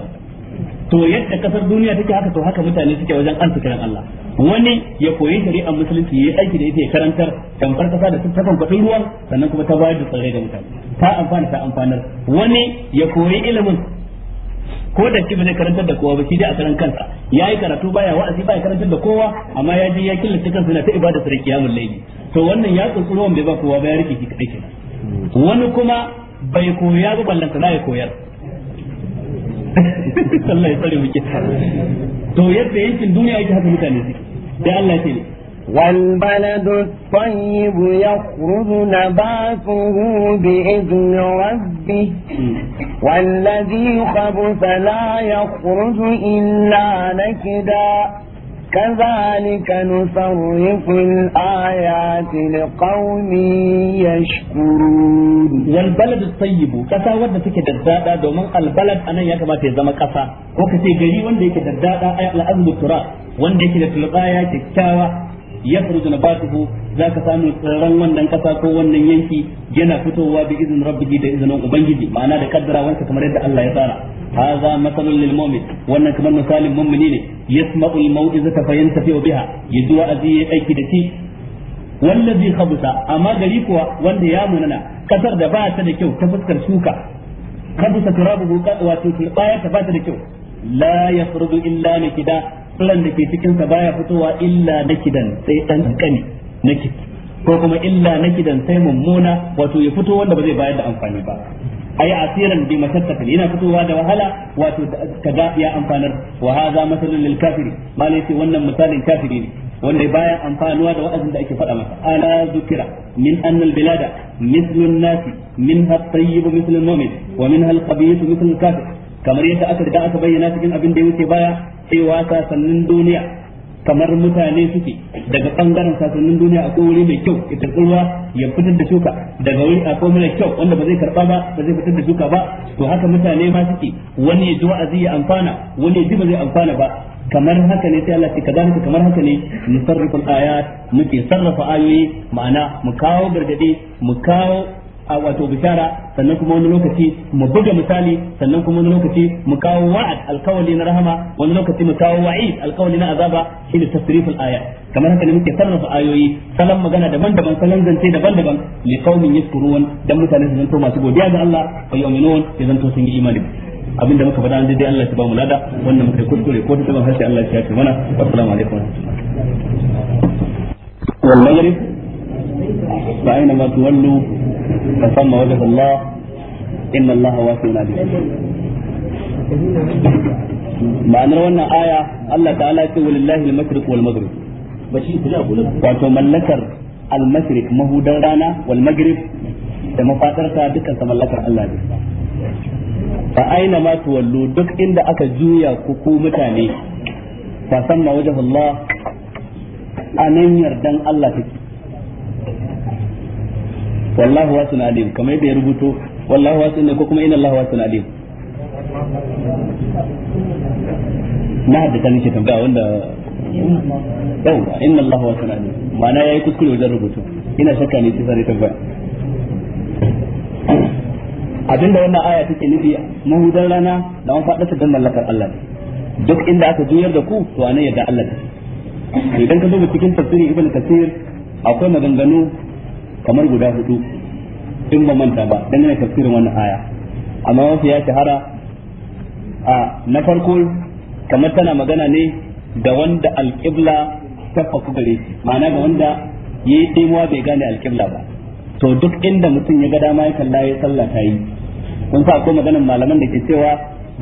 [SPEAKER 1] to yadda kasar duniya take haka to haka mutane suke wajen an kiran Allah wani ya koyi shari'ar musulunci ya aiki da ita ya karantar tamkar kasa da tattakan kudin ruwan sannan kuma ta bayar da tsirrai da mutane ta amfana ta amfanar wani ya koyi ilimin ko da shi ba zai karantar da kowa ba shi dai a karan kansa yayi karatu baya wa'azi baya karantar da kowa amma ya je ya killace kansa yana ta ibada ta da kiyamul layli to wannan ya tsutsuro wanda ba kowa ba ya rike shi kadai kenan wani kuma bai koya ba ballan sana ya koyar Allah ya tsare muke to yadda yankin duniya yake haka mutane suke dai Allah ya ce والبلد الطيب
[SPEAKER 2] يخرج نباته بإذن ربه والذي خبث لا يخرج إلا نكدا كذلك نصرف الآيات لقوم
[SPEAKER 1] يشكرون والبلد الطيب كسا ودى تكي دردادا دومن البلد أنا يكما تزم كسا وكسي قريبا ديكي دردادا أي الأرض التراب wanda yake da tulbaya kyakkyawa yakhruju za ka samu tsaron wannan kasa ko wannan yanki yana fitowa bi izinin rabbihi da izinin ubangiji ma'ana da kaddara wanka kamar yadda Allah ya tsara هذا مثل للمؤمن وانا كمان مثال المؤمنين يسمع الموعظة biha بها يدوى aiki da ti wallazi khabusa amma gari kuwa wanda ya munana kasar da ba ta da kyau ta fuskar shuka khabusa turabu wato turbaya ta ba ta da kyau la yakhruju illa nikida ran da ke cikin sa baya fitowa illa nakidan sai dan kani nakid ko kuma illa nakidan sai mummuna wato ya fito wanda ba zai bayar da amfani ba ai asiran bi masakkatin yana fitowa da wahala wato kaga ya amfanar wa hadha masalun lil kafiri malai sai wannan misalin kafiri ne wanda baya amfanuwa da wa'azin da ake faɗa masa ala zukira min anna al-bilada mithlu an-nas minha at-tayyib mithlu al-mu'min wa minha al-khabith mithlu al-kafir kamar yadda aka riga aka bayyana cikin abin da ya wuce baya cewa sasannin duniya kamar mutane suke daga bangaren sasannin duniya a wuri mai kyau ita karɓi ya fitar da shuka daga wuri a mai kyau wanda ba zai karɓa ba ba zai fitar da shuka ba to haka mutane ma suke wani ya ji wa'azi ya amfana wani ya ji ba zai amfana ba kamar haka ne sai Allah ya kaza muku kamar haka ne musarrifin ayat muke sarrafa ayoyi ma'ana mu kawo gargadi mu kawo a wato bishara sannan kuma wani lokaci mu buga misali sannan kuma wani lokaci mu kawo wa'ad alkawali na rahama wani lokaci mu kawo wa'id alkawali na azaba shine tasriful aya kamar haka ne muke sarrafa ayoyi salon magana daban-daban salon zance daban-daban li qaumin dan mutane su zanto masu godiya ga Allah fa yu'minun ya zanto sun yi imani abinda muka faɗa dai Allah ya ba mu lada wannan muka kuskure ko ta harshe Allah ya ce mana assalamu alaikum فثم وجه الله إن الله واسع عليم ma'anar wannan aya Allah ta'ala ce walillahi al wato mallakar mahudan rana wal maghrib da dukkan sa mallakar Allah ne fa aina ma tuwallu duk inda aka juya ku ku mutane fa anan yardan Allah take wallahu wasun alim kamar yadda ya rubuto wallahu wasun ne ko kuma inna allahu wasun alim na haddata nake tambaya wanda yawa inna allahu wasun alim ma'ana yayi kuskure wajen rubutu ina shakka ne sai tambaya abinda wannan aya take nufi mahudan rana da an faɗa don mallakar Allah duk inda aka juyar da ku to anan yadda Allah idan ka duba cikin tafsirin ibn kasir akwai maganganu kamar guda hudu in ba manta ba ne tafsirin wannan aya amma wasu ya shahara a na farko kamar tana magana ne da wanda alƙibla ta faku gare shi ma'ana ga wanda ya yi ɗimuwa bai gane alƙibla ba to duk inda mutum ya ga dama ya kalla ya sallah ta yi kun sa akwai maganar malaman da ke cewa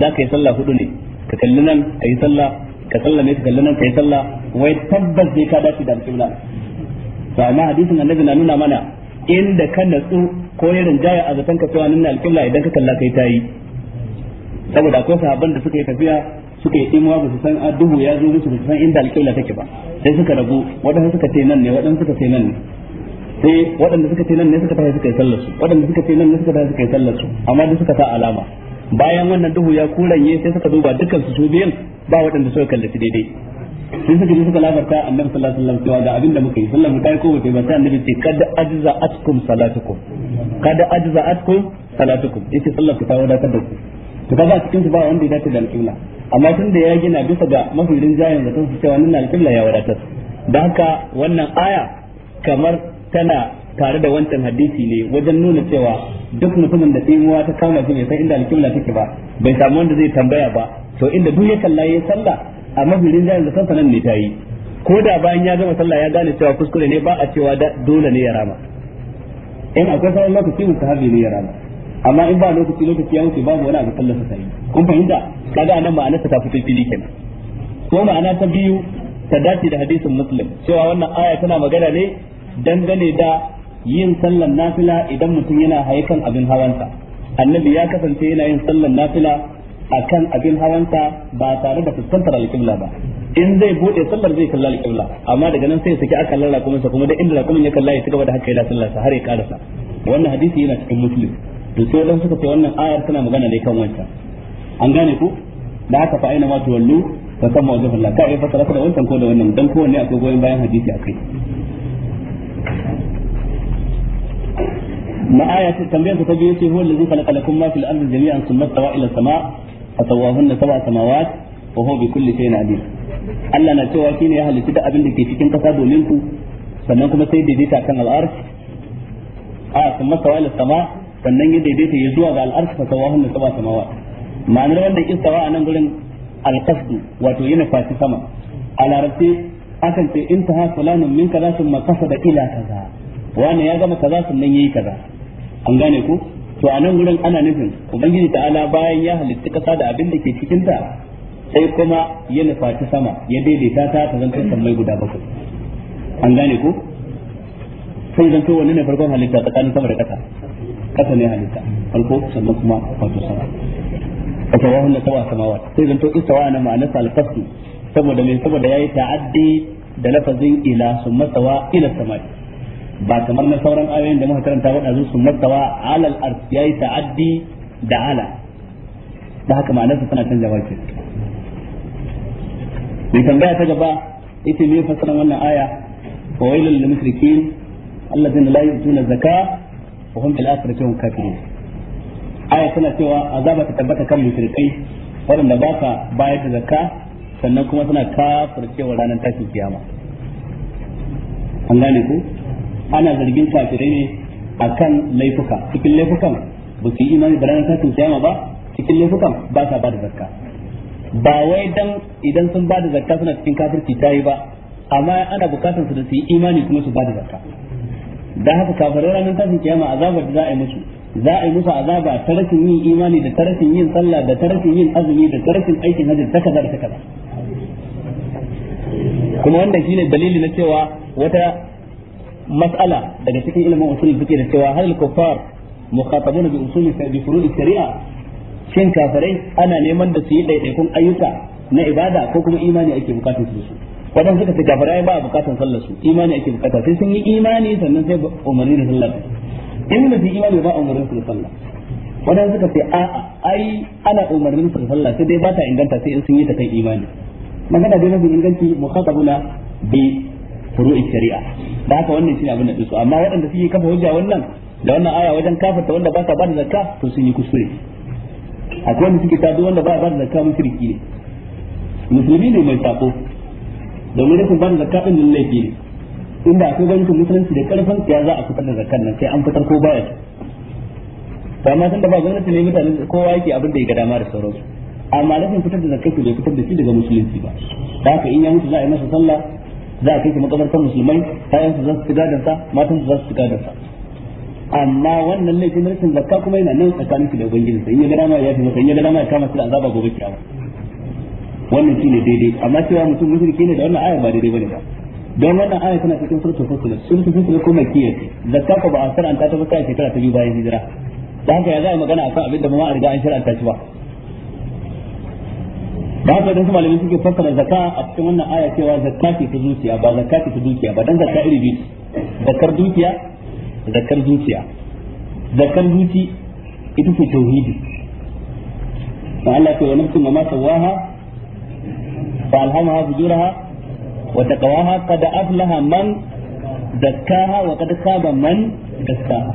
[SPEAKER 1] za ka yi sallah hudu ne ka kalli nan ka yi sallah ka sallame ka kalli nan ka yi sallah wai tabbas zai ka dace da alƙibla to amma hadisin annabi na nuna mana inda ka natsu ko ya jaya a zaton ka cewa nuna alƙibla idan ka kalla kai tayi saboda akwai sahabban da suka yi tafiya suka yi imuwa ba su san duhu ya zo musu ba su san inda alƙibla take ba sai suka rabu waɗanda suka ce nan ne waɗanda suka ce nan ne sai waɗanda suka ce nan ne suka tafi suka yi sallar su waɗanda suka ce nan ne suka tafi suka yi sallar su amma duk suka sa alama bayan wannan duhu ya kuranye sai suka duba dukkan su su biyan ba waɗanda suka kallaci daidai sai suka je suka labarta annabi sallallahu alaihi wasallam cewa ga abin da muka yi sallar mu kai ko ba ba sai annabi ce kada ajza atkum salatukum kad ajza atkum salatukum yace sallar ku ta wadatar da ku to kaga a cikin su ba wanda ya dace da alƙibla amma tun da ya gina bisa ga mafirin rinjayen da su cewa nan alƙibla ya wadatar da haka wannan aya kamar tana tare da wancan hadisi ne wajen nuna cewa duk mutumin da tsimuwa ta kama shi ne sai inda alƙibla take ba bai samu wanda zai tambaya ba to inda duk ya kalla ya sallah a mafi rinjayen da sansa nan ne ta yi ko da bayan ya gama sallah ya gane cewa kuskure ne ba a cewa dole ne ya rama in akwai sauran lokaci sahabi ne ya rama amma in ba lokaci lokaci ya wuce babu wani abu sallar sa yi kun fahimta kaga anan ma'anar ta tafi fili kenan ko ma'ana ta biyu ta dace da hadisin muslim cewa wannan aya tana magana ne dangane da yin sallar nafila idan mutum yana haikan abin hawansa annabi ya kasance yana yin sallar nafila akan abin hawansa ba tare da fuskantar alƙibla ba in zai bude sallar zai kalla alƙibla amma daga nan sai ya saki lalla kuma sa kuma da inda kuma ya kalla ya ci da haka ya sallar sa har ya karasa wannan hadisi yana cikin muslim to sai dan suka ce wannan ayar tana magana ne kan wancan an gane ku da haka fa aina ma tuwallu fa kan wajhu Allah ka yi fasara da wancan ko da wannan dan kowanne akwai goyen bayan hadisi akai na aya tambayar ta biyu ce huwa allazi khalaqa lakum ma fil ardi jami'an thumma stawa ila sama fasawahunna sama samawat wa huwa bi kulli shay'in alim Allah na cewa shine ya halitta da abin da ke cikin kasa domin ku sannan kuma sai daidaita kan al'arsh a sun masa sama sannan ya daidaita ya zuwa ga al'arsh fasawahunna sama samawat ma'anar wanda wannan istawa a nan gurin alqasdu wato yana fasi sama a larabci akan ce in taha fulanun min kaza sun makasa da ila kaza wani ya gama kaza sannan yayi kaza an gane ku to a nan wurin ana nufin ubangiji ta'ala bayan ya halitta kasa da abin da ke cikin ta sai kuma ya nufaci sama ya daidaita ta ta zanto sammai guda bakwai an gane ko sai zanto wani ne farkon halitta tsakanin sama da kasa kasa ne halitta farko sannan kuma wato sama kasa wa hunna sama samawa sai zanto istawa na ma'anar salkasu saboda mai saboda yayi ta'addi da lafazin ila summa sawa ila samai ba kamar na sauran ayoyin da muka karanta ba dazu sun martawa alal ars yayi ta'addi da ala da haka ma'anarsa tana canza wace mai tambaya ta gaba ita me fasaran wannan aya wa wailul lil musrikin alladhina la yu'tuna zakata wa hum bil akhirati hum kafirun aya tana cewa azaba ta tabbata kan mushrikai waɗanda ba ka bayar da zakka sannan kuma suna kafircewa ranar tashin kiyama an gane ku ana zargin kafirai ne akan laifuka cikin laifukan ba su yi imani da ranar tashin kiyama ba cikin laifukan ba sa ba da zakka ba wai dan idan sun ba da zakka suna cikin kafirci ta yi ba amma ana bukatar su da su yi imani kuma su ba da zakka da haka kafirai ranar tashin kiyama azabar da za a yi musu za a yi musu azaba ta rashin yin imani da ta rashin yin sallah da ta rashin yin azumi da ta rashin aikin hajji ta kaza da ta kaza kuma wannan shine dalili na cewa wata mas'ala daga cikin ilimin usul fiqh da cewa hal kuffar mukhatabuna bi usul bi furud shari'a shin kafirai ana neman da su yi daidaikun ayyuka na ibada ko kuma imani ake bukatar su wadan suka ce kafirai ba bukatar sallar su imani ake bukata sun yi imani sannan sai umarni da sallar in da su imani ba umarni da sallar wadan suka ce a'a ai ana umarnin su da sallah sai bi furu'i shari'a da haka wannan shine abin da su amma waɗanda suke kafa hujja wannan da wannan aya wajen kafarta wanda ba sa ba da zakka to sun yi kuskure akwai wanda suke tado wanda ba ba da zakka mushriki ne musulmi ne mai sako domin rashin ba da zakka din nan laifi ne inda akwai ganin musulunci da karfin ya za a fitar da zakkan nan sai an fitar ko baya to amma tunda ba gwamnati ne mutane kowa yake abin da ya ga dama da sauransu amma lafin fitar da zakkai bai fitar da shi daga musulunci ba da haka in ya mutu za a yi masa sallah za a kai shi makabartar musulmai kayan su za su gadar sa matan su za su gadar sa amma wannan laifin rashin zakka kuma yana nan tsakanin su da ubangiji sai ya ga dama ya fi masa ya ga dama ya kama su da azaba gobe kiyama wannan shine daidai amma cewa mutum mushriki ne da wannan aya ba daidai bane ba don wannan aya tana cikin suratul fusilat suratul fusilat kuma kiyaye zakka ko ba a saranta ta ba kai shekara ta biyu bayan hijira dan haka ya za a magana akan abin da ba ma a riga an ta ci ba da haka dan malamai suke fassara zakka a cikin wannan aya cewa zakka ce ta zuciya ba zakka ce ta dukiya ba dan zakka iri biyu zakkar dukiya zakkar zuciya zakkar zuci ita ce tauhidi fa Allah ya yi wa nafsin ma sawaha fa alhamaha fujuraha wa taqwaha qad aflaha man zakkaha wa qad khaba man dassaha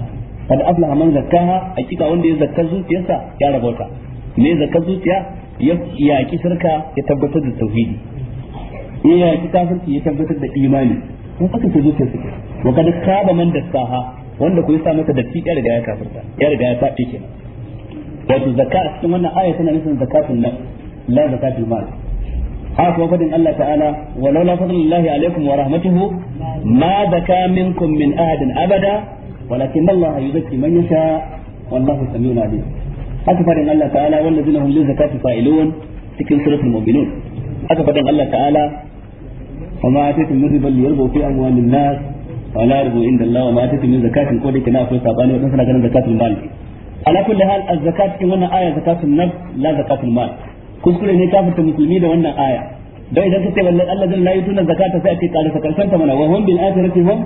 [SPEAKER 1] qad aflaha man zakkaha hakika wanda ya zakka zuciyarsa ya rabota me zakka zuciya ya yaki shirka ya tabbatar da tauhidi ya yaki kafirci ya tabbatar da imani kun haka ce zuciyar suke wa kada kaba man dassaha wanda ku yi sa mata datti ya riga ya kafirta ya riga ya tafi kenan wato zakka a cikin wannan aya tana nufin zakatun nan la zakatul mal haka kuma fadin Allah ta'ala wa laula fadlullahi alaikum wa rahmatuhu ma zaka minkum min ahadin abada walakin Allah yuzakki man yasha wallahu samiu alim haka fadin Allah ta'ala wallazina hum li zakati fa'ilun cikin suratul mu'minun haka fadin Allah ta'ala وما آتيتم من ربا ليربو في أموال الناس ولا يربو عند الله وما آتيتم ko زكاة كون كنا أقول ساباني وإن سنة زكاة المال على كل حال الزكاة في هنا آية زكاة النفس لا زكاة المال كنت كل هنا كافة المسلمين وانا آية da idan kace wallahi alladin la yutuna zakata sai ake karasa karsanta mana wa hum bil akhirati hum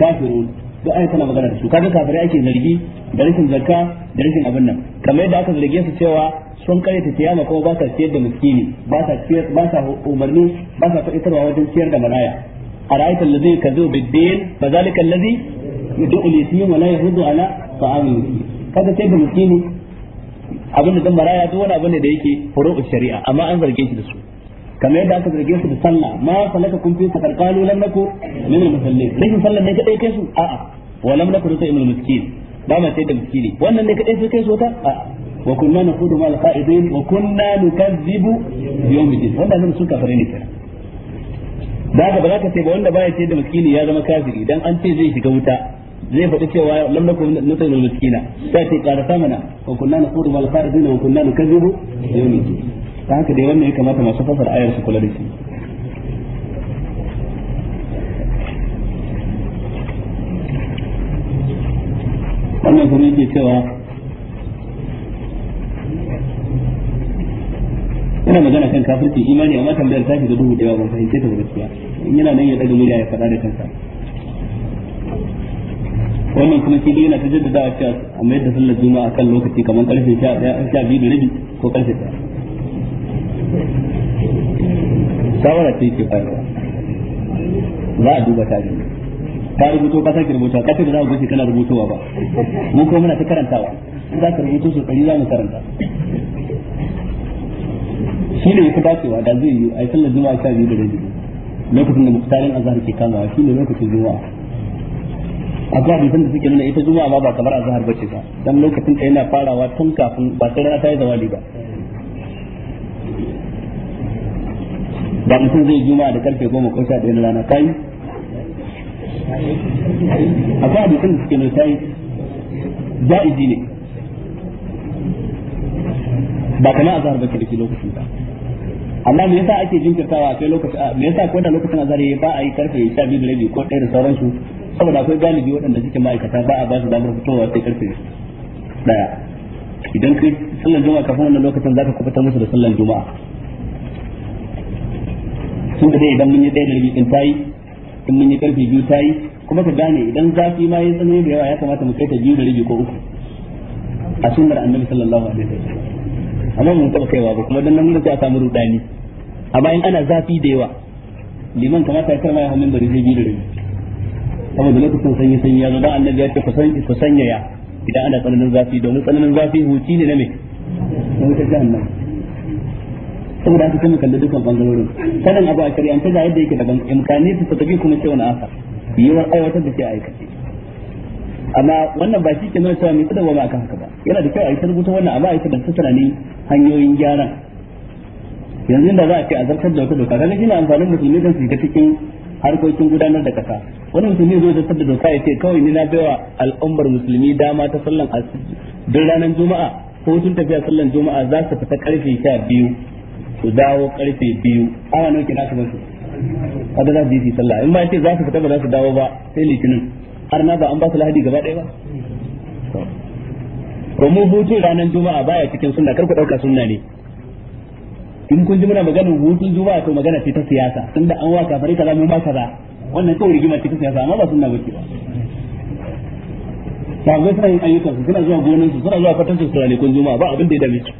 [SPEAKER 1] kafirun duk ayi kana magana da su kaga kafirai ake zargi da rashin zakka da rashin abin nan kamar yadda aka zarge su cewa sun kare ta kiyama kuma ba sa ciyar da miskini ba sa ciyar ba sa umarni ba sa fa'itarwa wajen ciyar da malaya أرأيت الذي كذب بالدين فذلك الذي يدعو اليتيم ولا يهد على طعام المسكين هذا سيد المسكين abin da dan maraya duk wani abin da yake furu'u shari'a amma an zarge shi da su kamar yadda aka zarge su da sallah ma salaka kun fi sakar qalu lam naku min al-musallin rashin sallah ne kadai kai su a'a wa lam naku rusa imul miskin ba ma sai da miskini wannan ne kadai sai kai su ta a'a wa kunna naqudu ma al-qa'idin wa kunna nukazzibu bi yawmiddin wannan nan su kafare ne kenan da haka ba za ka ce ba wanda baya ce da miskini ya zama kafiri dan an ce zai shiga wuta zai faɗi cewa lam nakum nusayl al miskina sai ce qara samana wa kunna naqudu mal qaridin wa kunna nukazzibu bi yawmiddin ta haka dai wannan ya kamata masu fasar ayar su kula da shi wannan kuma yake cewa ina magana kan kafirci imani amma tambayar tashi da duhu da yawa ban fahimce ta gaskiya in yana nan ya daga murya ya faɗa da kansa wannan kuma shi yana ta jaddada a cewa a mayar da sallar juma'a kan lokaci kamar karfe 12 da rabi ko karfe shawara ce ke bayarwa za a duba tarihi ka rubuto ka sake rubuta ka ce da za mu gashi kana rubutowa ba mun kuma muna ta karantawa za ka rubuto su ɗari za mu karanta shi ne yafi dacewa da zai yi a sallar juma'a sha biyu da rabi lokacin da muktarin azhar ke kamawa shi ne lokacin juma'a akwai hadisan da suke nuna ita juma'a ma ba kamar azhar bace ba dan lokacin ta yana farawa tun kafin ba sai rana ta yi zawali ba da mutum zai juma da karfe goma ko sha daya na rana kai akwai hadisan da suke mai tayi ja'izi ne ba kana azhar ba ke lokacin ba amma me yasa ake jinkirtawa kai lokaci me yasa ko da lokacin azhar ba a yi karfe biyu da rabi ko ɗaya da sauransu saboda akwai galibi waɗanda suke ma'aikata ba a ba su damar fitowa sai karfe ɗaya idan kai sallan juma'a kafin wannan lokacin zaka kuɓuta musu da sallan juma'a tunda dai idan mun yi ɗaya da rabi din tayi in mun yi karfe biyu tayi kuma ka gane idan zafi ma ya tsanani da yawa ya kamata mu kai ta biyu da rabi ko uku a sunnar annabi sallallahu alaihi wasallam amma mun taɓa kaiwa ba kuma dan nan mun ta samu rudani amma in ana zafi da yawa liman kamata ya karma ya hannun bari zai biyu da rabi da lokacin sanyi sanyi ya zo dan annabi ya ce ku sanya ya idan ana tsananin zafi domin tsananin zafi huci ne na me na ta jahannama saboda haka sai mu kalli dukkan bangarorin sanin abu a shari'ance ga yadda yake daban imkani su tafi kuma ce wani asa yiwuwar aiwatar da ke aikace amma wannan ba shi ke nuna cewa mai tsadarwa ba akan haka ba yana da kyau a yi ta rubuta wannan amma a yi ta da hanyoyin gyaran yanzu da za a ce a zartar da wata doka kaga shi ne amfanin musulmi don su shiga cikin harkokin gudanar da kasa wani musulmi zai zartar da doka ya ce kawai ni na baiwa al'ummar musulmi dama ta sallan asibiti duk ranar juma'a ko sun tafiya sallan juma'a za su fita karfe sha biyu su dawo karfe biyu ana nawa kina su basu kada za su yi sallah in ba ce za su fita ba za su dawo ba sai litinin har na ba an ba su lahadi gaba ɗaya ba ko mu hutun ranar juma'a baya cikin sunna kar ku dauka sunna ne in kun ji muna maganar hutun juma'a to magana ce ta siyasa tunda an wa kafare kaza mu ba kaza wannan kawai rigima ce ta siyasa amma ba sunna bace ba ba ga sai ayyukan su suna zuwa gonan su suna zuwa fatan su sura ne kun juma'a ba abin da ya dame su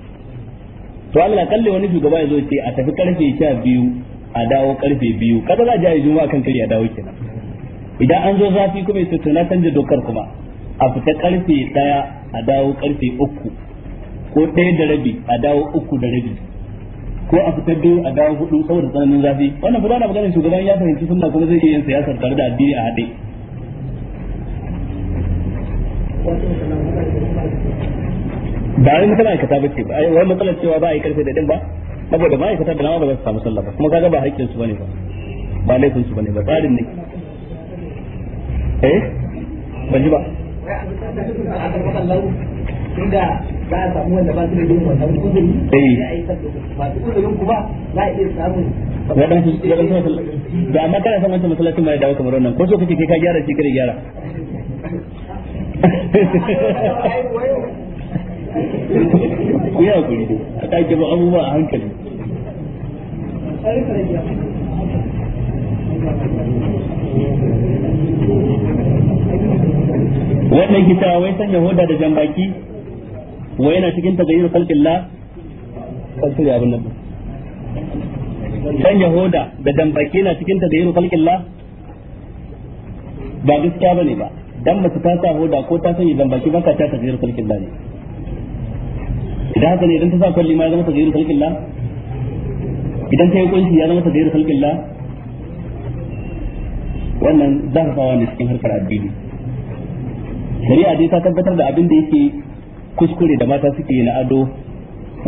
[SPEAKER 1] to Allah kalle wani shugaba ya zo ya ce a tafi karfe 12 a dawo karfe 2 kada za a ji juma'a kan kare a dawo kenan idan an zo zafi kuma ya to na canja dokar kuma a fita karfe 1 a dawo karfe 3 ko ɗaya da rabi a dawo 3 da rabi ko a fitar biyu a dawo hudu saboda tsananin zafi wannan fulana na maganin shugaban ya fahimci sunna kuma zai iya yin siyasar tare da addini a haɗe ba wai matsalar aikata ba ce ba wai matsalar cewa ba a yi karfe da din ba saboda ba aikata da nama ba za su samu sallah ba kuma kaga ba haƙƙin su bane ba ba laifin su bane ba tsarin ne eh ban ji ba tunda za a samu wanda ba su da yin wannan da yi ku ya guri a take ba abubuwa a hankali wannan kita wai sanya hoda da jambaki wai yana cikin tagayyar kalkilla kan shirya abin nan sanya hoda da jambaki na cikin tagayyar kalkilla ba gaskiya bane ba dan mace ta sa hoda ko ta sanya jambaki ba ka ta tagayyar kalkilla ne idan haka ne idan ta sa kwalli ma ya zama ta gairu la idan ta yi kunshi ya zama ta gairu la wannan za ka zafafawa ne cikin harkar addini shari'a dai ta tabbatar da abin da yake kuskure da mata suke na ado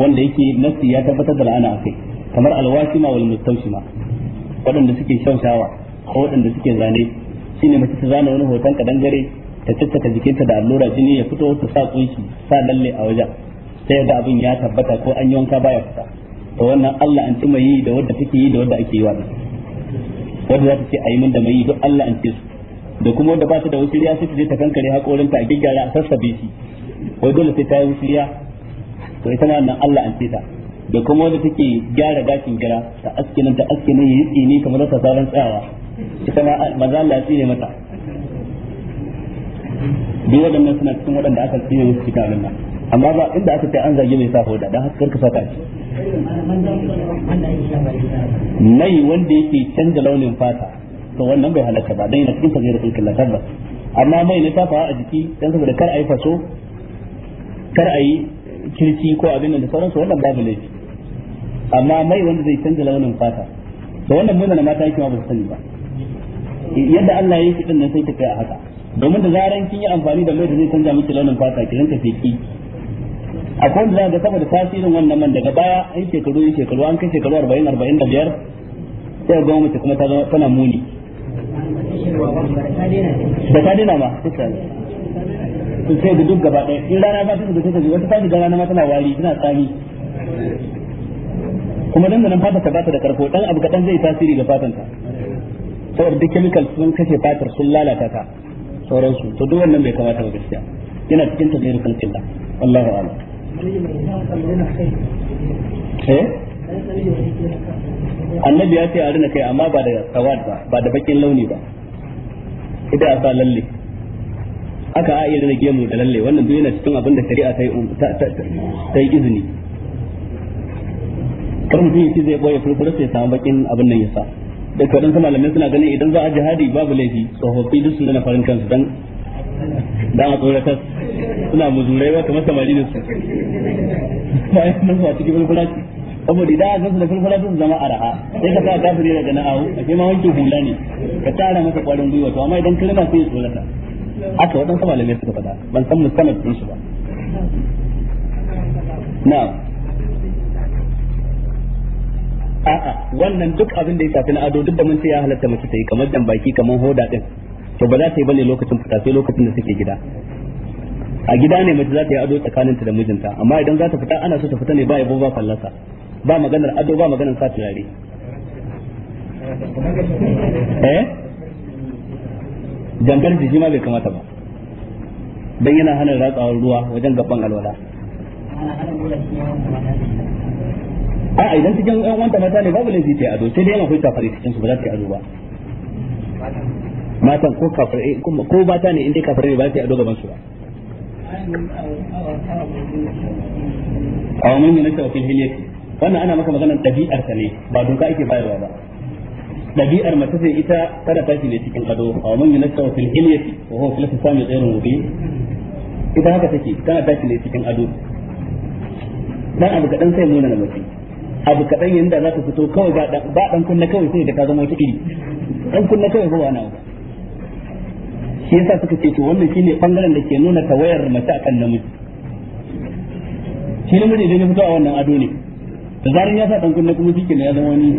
[SPEAKER 1] wanda yake nafsi ya tabbatar da la'ana akai kamar alwashima wal mustawshima waɗanda suke shaushawa ko waɗanda suke zane shine mace ta zana wani hoton kadangare ta tattaka jikinta da allura jini ya fito ta sa kunshi sa lalle a wajen sai da abin ya tabbata ko an yi wanka baya fita to wannan Allah an tuma yi da wanda take yi da wanda ake yi wa wanda za ta ce ayi min da mai yi duk Allah an ce su da kuma wanda ba ta da wasiriya sai ta je ta kankare hakorin ta a giggara a sassabe shi wai dole sai ta yi wasiriya to ita na nan Allah an ce ta da kuma wanda take gyara gashin gira ta aske nan ta aske yi tsini kamar ta sauran tsawa ita ma maza Allah ya tsine mata duk waɗannan suna cikin waɗanda aka tsine musu cikin nan amma ba inda aka kai an zage mai sa hoda dan haka karka saka shi nai wanda yake canza launin fata to wannan bai halaka ba dan yana cikin da kulkin lafarba amma mai na tafawa a jiki dan saboda kar ayi faso kar ayi kirki ko abin da sauransu wannan babu laifi amma mai wanda zai canza launin fata to wannan mun na mata yake ma ba su sani ba yadda Allah ya yi shi din nan sai ta kai a haka domin da zaran kin yi amfani da mai da zai canza miki launin fata ki rinka feki akwai wanda za saboda tasirin wannan man daga baya an shekaru shekaru an kai shekaru arba'in arba'in da biyar sai ga mace kuma ta zama tana muni da ta dina ma to sai da duk gaba ɗaya in rana ba ta da take wata ta shiga rana ma tana wari tana tsami kuma dan nan fata ta bata da karko dan abu kadan zai tasiri ga fatan ta saboda duk chemical sun kashe fatar sun lalata ta sauransu to duk wannan bai kamata ba gaskiya yana cikin tafiyar kalkin Allah Allahu a'lam Eh? annabi ya ce a rina kai amma ba da sawad ba ba da bakin launi ba idan a sa lalle aka a irin gemu da lalle wannan duk yana cikin abin da shari'a ta yi um, izini kar mutum ci zai boye furfura sai samu bakin abin nan ya sa da kadan malamai suna ganin idan za a jihadi babu laifi tsofaffi duk sun da farin kansu don da a tsoratar suna muzurai ba kamar samari da su bayan nan a cikin bulbulaki? ce da idan aka da bulbulaki sun zama araha sai ka sa kafiri daga na awu a ma wanke hula ne ka tara masa kwarin gwiwa to amma idan kirma sai ya tsorata haka waɗansu malamai suka fada ban san musamman sun su ba Na. a'a wannan duk abin da ya shafi na ado duk da mun ce ya halatta mace ta yi kamar dan baki kamar hoda din to ba za ta yi bane lokacin fita sai lokacin da suke gida a gida ne mace za ta yi ado tsakaninta da mijinta amma idan za ta fita ana so ta fita ne ba yabo ba fallasa ba maganar ado ba maganar sa turare eh jangar jiki ma bai kamata ba dan yana hana ratsawar ruwa wajen gaban alwala a idan cikin yan wanta mata ne babu laifi ta yi ado sai dai yana hulta fari cikin su ba za ta yi ado ba matan ko kafirai eh, ko mata ne inda kafir ne ba sai a doga ban su ba a mun yi na shafin hiliyar wannan ana maka maganar ɗabi'ar ta ne ba doka ake bayarwa ba ɗabi'ar mace sai ita kada tashi ne cikin ado a mun yi na shafin hiliyar ko kuma filafi sami tsayin rubi ita haka take kana tashi ne cikin ado dan abu kaɗan sai nuna na mace abu kaɗan yanda za ta fito kawai ba ɗan kunna kawai sai da ta zama wata iri ɗan kunna kawai ba wani abu shi yasa suka ce to wannan shine bangaren da ke nuna tawayar mace akan namiji shi namiji idan ya fito a wannan ado ne da zaran ya sa dan kunna kuma shi ya zama wani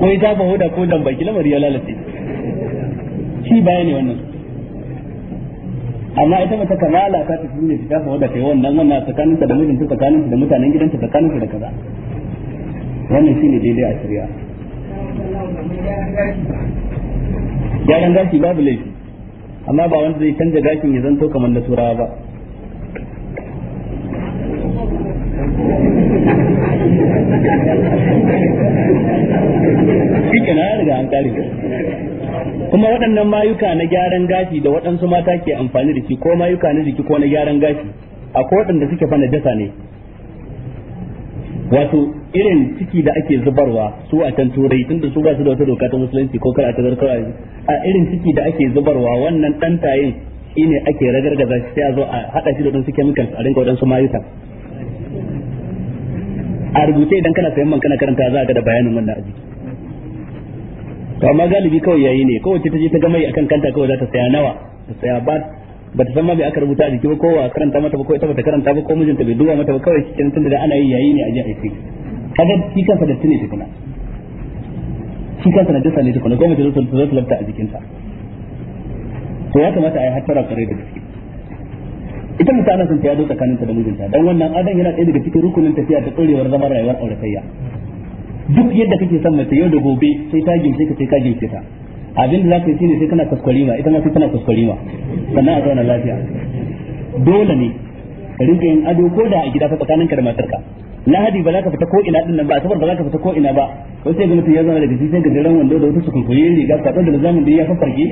[SPEAKER 1] ko ya ba hoda ko dan baki lamar ya lalace shi baya ne wannan amma ita kama alaka ta tafi da ta tafa hoda kai wannan wannan ta da mijinta ta da mutanen gidanta ta da kaza wannan shine daidai a shari'a gyaran gashi babu laifi amma ba wanda zai canza gashin ya zanto kamar na turawa ba shike na riga an kare kuma waɗannan mayuka na gyaran gashi da waɗansu mata ke amfani da shi ko mayuka na jiki ko na gyaran gashi akwai waɗanda suke fana jasa ne wato irin ciki da ake zubarwa su a can turai tunda su ba su da wata doka ta musulunci ko kar a ta zarkar a irin ciki da ake zubarwa wannan tayin shine ake ragargaza shi sai a zo a hada shi da wadansu chemicals a rinka wadansu mayuka a rubuce idan kana sayan man kana karanta za a ga da bayanin wannan a jiki to amma galibi kawai yayi ne kowace ta je ta ga mai akan kanta kawai za ta saya nawa ta saya ba ba ta san ma bai aka rubuta a jiki ba ko wa karanta mata ba ko ita ba ta karanta ba ko mijinta bai duba mata ba kawai cikin tun da ana yi yayi ne a ji aiki kaga shi kansa da tuni tukuna shi kansa da dasa ne tukuna ko mace zo ta zo ta a jikinta to ya kamata a yi hattara kare da gaske ita mace ana son ta yado tsakaninta da mijinta dan wannan adan yana ɗaya daga cikin rukunin tafiya ta tsorewar zaman rayuwar auratayya duk yadda kake son mace yau da gobe sai ta gimce ka sai ka gimce ta abin da za ka yi shine sai kana ma ita ma sai kana ma sannan a zauna lafiya dole ne ka rinka yin ado ko da a gida fa tsakanin ka da matarka lahadi ba za ka fita ko ina din nan ba saboda ba za ka fita ko ina ba ko sai ga mutum ya zauna daga cikin jiran wando da wata sukunkuye riga ka da zamanin da ya fafarki.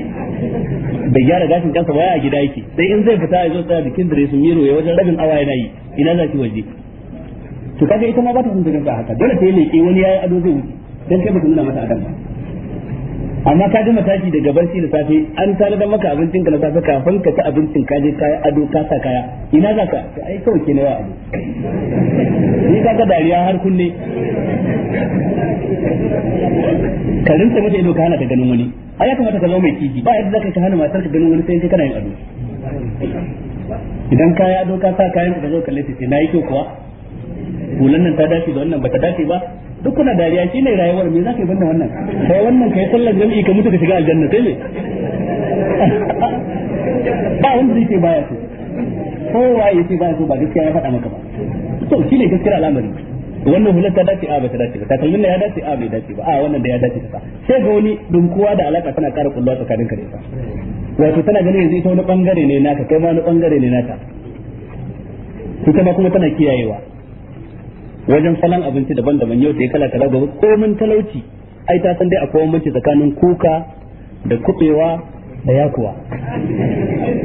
[SPEAKER 1] bai gyara gashin kansa ba a gida yake sai in zai fita ya zo tsaya bikin dare su miro ya wajen rabin awa yana yi ina za ki waje to kaga ita ma ba ta san da haka dole sai ke wani yayi ado zai wuce dan kai ka nuna mata adam ba amma ka gama tashi daga barci da safe an da maka abincin ka na safe kafin ka ci abincin ka je kaya ado ka sa kaya ina za ka to ai kawai ke na abu ni ka ga dariya har kunne ka rinta mata ido ka hana ta ganin wani ai ya kamata ka zama mai kiji ba yadda zaka ka hana matar ka ganin wani sai kai kana yin
[SPEAKER 3] ado
[SPEAKER 1] idan kaya ado ka sa kayan ka zo kalle sai na yi kyau kuwa hulan nan ta dace da wannan ba ta dace ba duk kuna dariya ne rayuwar me zaka yi banda wannan kai wannan kai sallar jami'i ka mutu ka shiga aljanna sai ne ba wanda zai ce baya ce kowa ya ce baya so ba gaskiya ya faɗa maka ba to ne gaskiya al'amari wannan hular ta dace a ba ta dace ba takalmin da ya dace a bai dace ba a wannan da ya dace ta sai ga wani dunkuwa da alaka tana ƙara kullu tsakanin ka da ita wato tana ganin yanzu ita wani bangare ne naka kai ma wani bangare ne naka ita ma kuma tana kiyayewa wajen salon abinci daban-daban yau sai kala kala gobe komin talauci ai ta san dai akwai wani tsakanin kuka da kubewa da yakuwa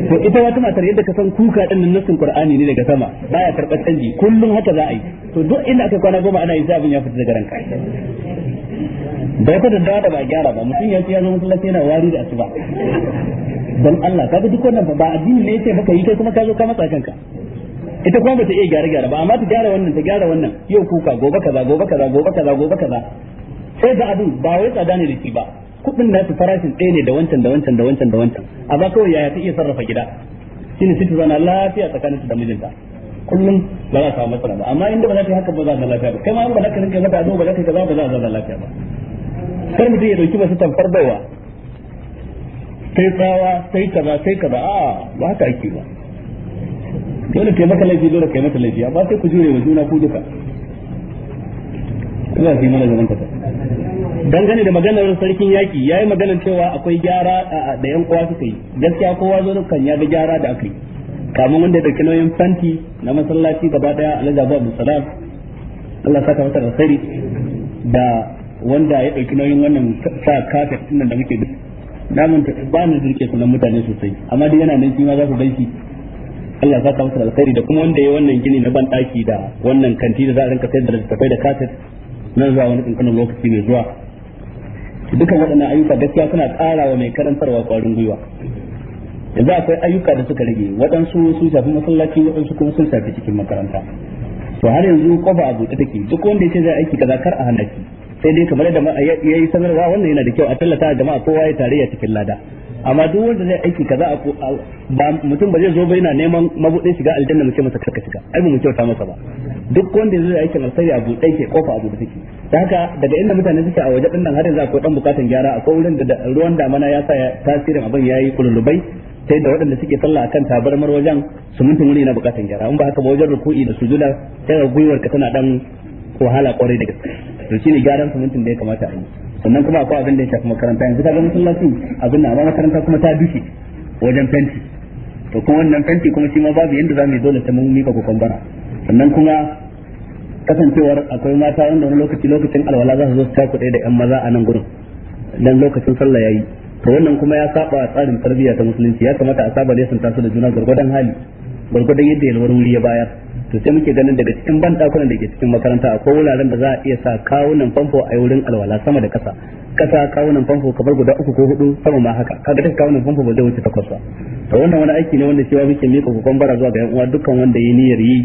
[SPEAKER 1] to ita wata matar yadda ka san kuka din nan nassin qur'ani ne daga sama baya karɓar canji kullum haka za a yi to duk inda aka kwana goma ana yi sai abin ya fita daga ranka da ka daddawa da ba gyara ba mutum ya ce ya zama masallaci yana wari da asuba don Allah kaga duk wannan ba addini ne yake maka yi kai kuma ka zo ka matsa kanka ita kuma bata iya gyara gyara ba amma ta gyara wannan ta gyara wannan yau kuka gobe kaza gobe kaza gobe kaza gobe kaza sai da abin ba wai tsada ne da shi ba kudin su farashin ɗaya ne da wancan da wancan da wancan da wancan A ba kawai yaya ta iya sarrafa gida shine sai ta zauna lafiya tsakaninta da mijinta kullum ba za a samu matsala ba amma inda ba za ta yi haka ba za a lafiya ba kai ma in ba za ka rinka mata ba za ka yi kaza ba za a zauna lafiya ba kar mutum ya dauki masu tamfar baiwa sai tsawa sai kaza sai kaza a ba haka ake ba dole kai maka laifi dole kai mata laifi amma sai ku jure wa juna ku duka ina fi mana zaman kasa dangane da maganar sarkin yaki yayi maganar cewa akwai gyara da yan uwa suka yi gaskiya kowa zo kan ya ga gyara da aka yi kamun wanda ya dauki nauyin fanti na masallaci gaba daya alhaji abu abdulsalam Allah saka masa alkhairi da wanda ya dauki nauyin wannan sa kafet din da muke da namun ba ni rike sunan mutane sosai amma duk yana nan shi ma za ku gaishi Allah ya saka masa alkhairi da kuma wanda ya wannan gini na ban daki da wannan kanti da za a rinka sayar da littattafai da kaset nan zuwa wani kankanin lokaci mai zuwa dukan waɗannan ayyuka gaskiya suna ƙara wa mai karantarwa ƙwarin gwiwa yanzu akwai ayyuka da suka rage waɗansu sun shafi masallaci waɗansu kuma sun shafi cikin makaranta to har yanzu kofa a buɗe take duk wanda ya ce zai aiki kaza kar a hana shi sai dai kamar da ya yi sanarwa wannan yana da kyau a tallata jama'a kowa ya tare ya cikin lada amma duk wanda zai aiki kaza a ba mutum ba zai zo ba yana neman mabudin shiga aljanna mutum masa karka shiga ai mun kyauta masa ba duk wanda zai aiki alkhairi a bude ke kofa a bude take dan haka daga inda mutane suke a waje dinnan har yanzu akwai dan bukatan gyara akwai wurin da ruwan damana ya sa tasirin abin yayi kululubai sai da waɗanda suke sallah akan tabarmar wajen su mutum wuri na bukatan gyara in ba haka ba wajen ruku'i da sujuda sai ga gwiwar ka tana dan wahala kwarai da gaske to shine gyaran su mutum da ya kamata a yi sannan kuma akwai abin da ya shafi makaranta yanzu kaga masallacin abin na amma makaranta kuma ta dushe wajen fenti to kuma wannan fenti kuma shi ma babu yanda za mu yi dole sai mun mika kokon bara sannan kuma kasancewar akwai mata wanda wani lokaci lokacin alwala za su zo su ta kuɗe da yan maza a nan gurin dan lokacin sallah yayi to wannan kuma ya saba tsarin tarbiyya ta musulunci ya kamata a saba sun tasu da juna gurgurdan hali gurgurdan yadda yalwar wuri ya bayar to sai muke ganin daga cikin ban dakunan da ke cikin makaranta akwai wuraren da za a iya sa kawunan famfo a wurin alwala sama da kasa kasa kawunan famfo kamar guda uku ko hudu sama ma haka kaga duk kawunan famfo ba zai wuce takwas ba to wannan wani aiki ne wanda cewa muke miƙa kokon bara zuwa ga yan uwa dukkan wanda ya niyyar yi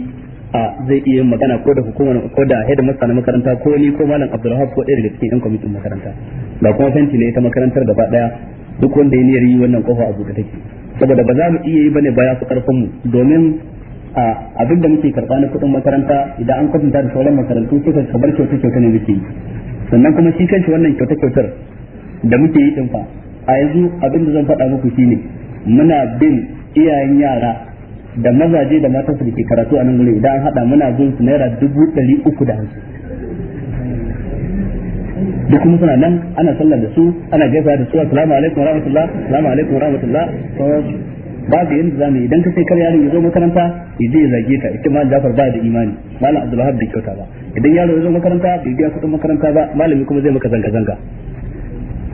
[SPEAKER 1] a zai iya magana ko da hukumar ko da head master na makaranta ko ni ko malam Abdulrahman ko ɗaya daga cikin yan kwamitin makaranta ba kuma fenti ne ta makarantar gaba daya duk wanda ya niyyar yi wannan kofa a buɗe take saboda ba za mu iya yi bane baya su karfin mu domin abin da muke karɓa na kuɗin makaranta idan an kwatanta da sauran makarantu suka kabar kyauta kyauta ne muke sannan kuma shi kanshi wannan kyauta kyautar da muke yi din fa a yanzu abin da zan faɗa muku shine muna bin iyayen yara da mazaje da matan su da ke karatu a nan gure idan an haɗa muna bin su naira dubu ɗari uku da hamsin duk kuma suna nan ana sallar da su ana gaisa da su assalamu alaikum wa rahmatullah assalamu alaikum wa rahmatullah babu yanda za mu yi idan ka sai kar yaron ya zo makaranta ya je ya zage ka ita ma Jafar ba da imani malam Abdulwahab da kyauta ba idan yaro ya zo makaranta bai biya kuɗin makaranta ba malami kuma zai maka zanga zanga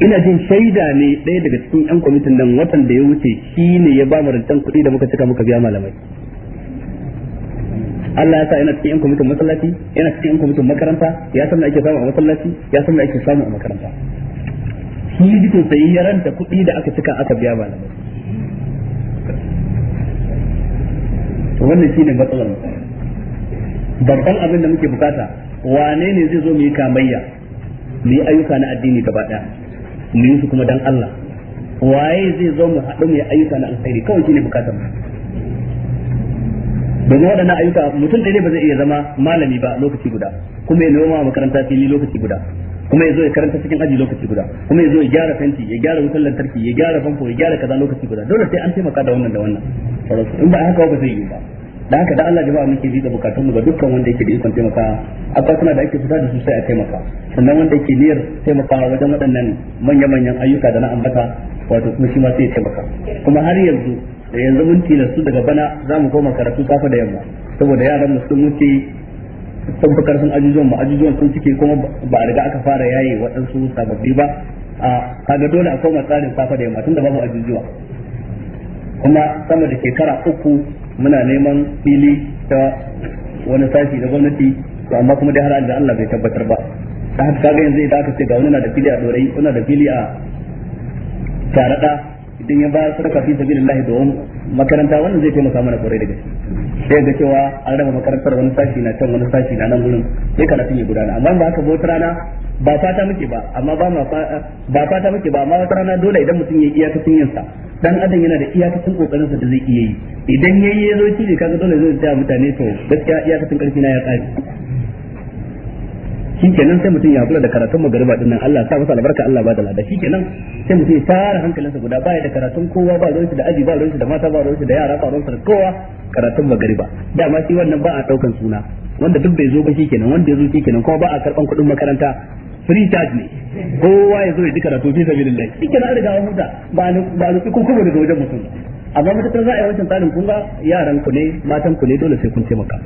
[SPEAKER 1] ina jin shaida ne ɗaya daga cikin yan kwamitin nan watan da ya wuce shi ne ya ba mu rantan kuɗi da muka cika muka biya malamai Allah ya sa yana cikin yan kwamitin masallaci yana cikin yan kwamitin makaranta ya san da ake samu a masallaci ya san da ake samu a makaranta shi ji sai ya ranta kuɗi da aka cika aka biya malamai wannan shine matsalar mu babban abin da muke bukata wane ne zai zo mu yi kamayya mu yi ayyuka na addini gaba daya mu yi su kuma dan Allah waye zai zo mu haɗu mu yi ayyuka na alkhairi kawai shine bukatar mu domin waɗannan ayyuka mutum ɗaya ba zai iya zama malami ba lokaci guda kuma ya noma makaranta fili lokaci guda kuma yazo ya karanta cikin aji lokaci guda kuma yazo ya gyara fenti ya gyara wutar lantarki ya gyara famfo ya gyara kaza lokaci guda dole sai an taimaka da wannan da wannan in ba haka ba zai yi ba da haka da Allah jama'a muke bi da bukatunmu ga dukkan wanda yake da ikon taimaka akwatuna da ake fita da su sai a taimaka sannan wanda yake niyyar taimakawa wajen waɗannan manya-manyan ayyuka da na ambata wato kuma shi ma sai ya taimaka kuma har yanzu da yanzu mun tilastu daga bana za mu koma karatu safa da yamma saboda yaran mu sun wuce sun fi karfin ajujuwan ba ajujuwan sun cike kuma ba a riga aka fara yaye waɗansu sababbi ba a kaga dole a koma tsarin safa da yamma tun da babu ajujuwa kuma sama da shekara uku muna neman fili ta wani sashi da gwamnati to amma kuma dai har an da Allah bai tabbatar ba ta haka kaga yanzu idan aka ce ga wani na da fili a dorai wani da fili a tarada idan ya bayar sadaka fi sabilillah domin makaranta wannan zai taimaka mana kwarai da gaske sai ga cewa an raba makarantar wani sashi na can wani sashi na nan gurin sai karatun ya gudana amma ba haka ba wata rana ba fata muke ba amma ba ma ba fata muke ba amma wata rana dole idan mutum ya ta yin sa dan adam yana da iyakacin kokarin sa da zai iya yi idan yayi yazo ki ne kaga dole zai ta mutane to gaskiya tun karfi na ya tsari shikenan sai mutum ya kula da karatun magariba dinnan Allah sa masa albarka Allah ba da lada shikenan sai mutum ya tara hankalinsa guda baya da karatun kowa ba ruwansa da aji ba ruwansa da mata ba ruwansa da yara ba ruwansa da kowa karatun magariba dama shi wannan ba a daukan suna wanda duk bai zo ba shikenan wanda ya zo shikenan kuma ba a karban kuɗin makaranta free charge ne kowa ya zo ya ji karatu fi sabilillah shikenan an riga an huta ba ba ko kuma daga wajen mutum amma mutakar za a yi wancan tsarin kun ga yaran ku ne matan ku ne dole sai kun taimaka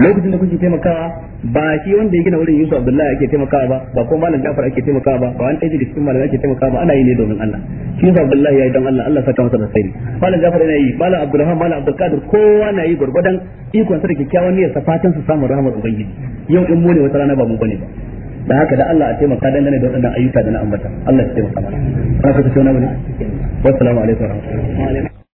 [SPEAKER 1] lokacin da kuke taimakawa ba shi wanda ya gina wurin Yusuf Abdullahi ake taimakawa ba ba kuma malam Jafar ake taimakawa ba ba wani ɗaya da cikin malamai ake taimakawa ba ana yi ne domin Allah shi Yusuf Abdullahi ya yi don Allah Allah saka masa nasiri malam Jafar yana yi malam abdullahi malam Abdulkadir kowa na yi gwargwadon ikon da kyakkyawan niyyar sa fatan su samu rahmar ubangiji yau in mu ne wata rana ba mu bane ba da haka da Allah a taimaka dangane da waɗannan ayyuka da na ambata Allah ya taimaka mana ka ta tauna mana wassalamu alaikum wa rahmatullahi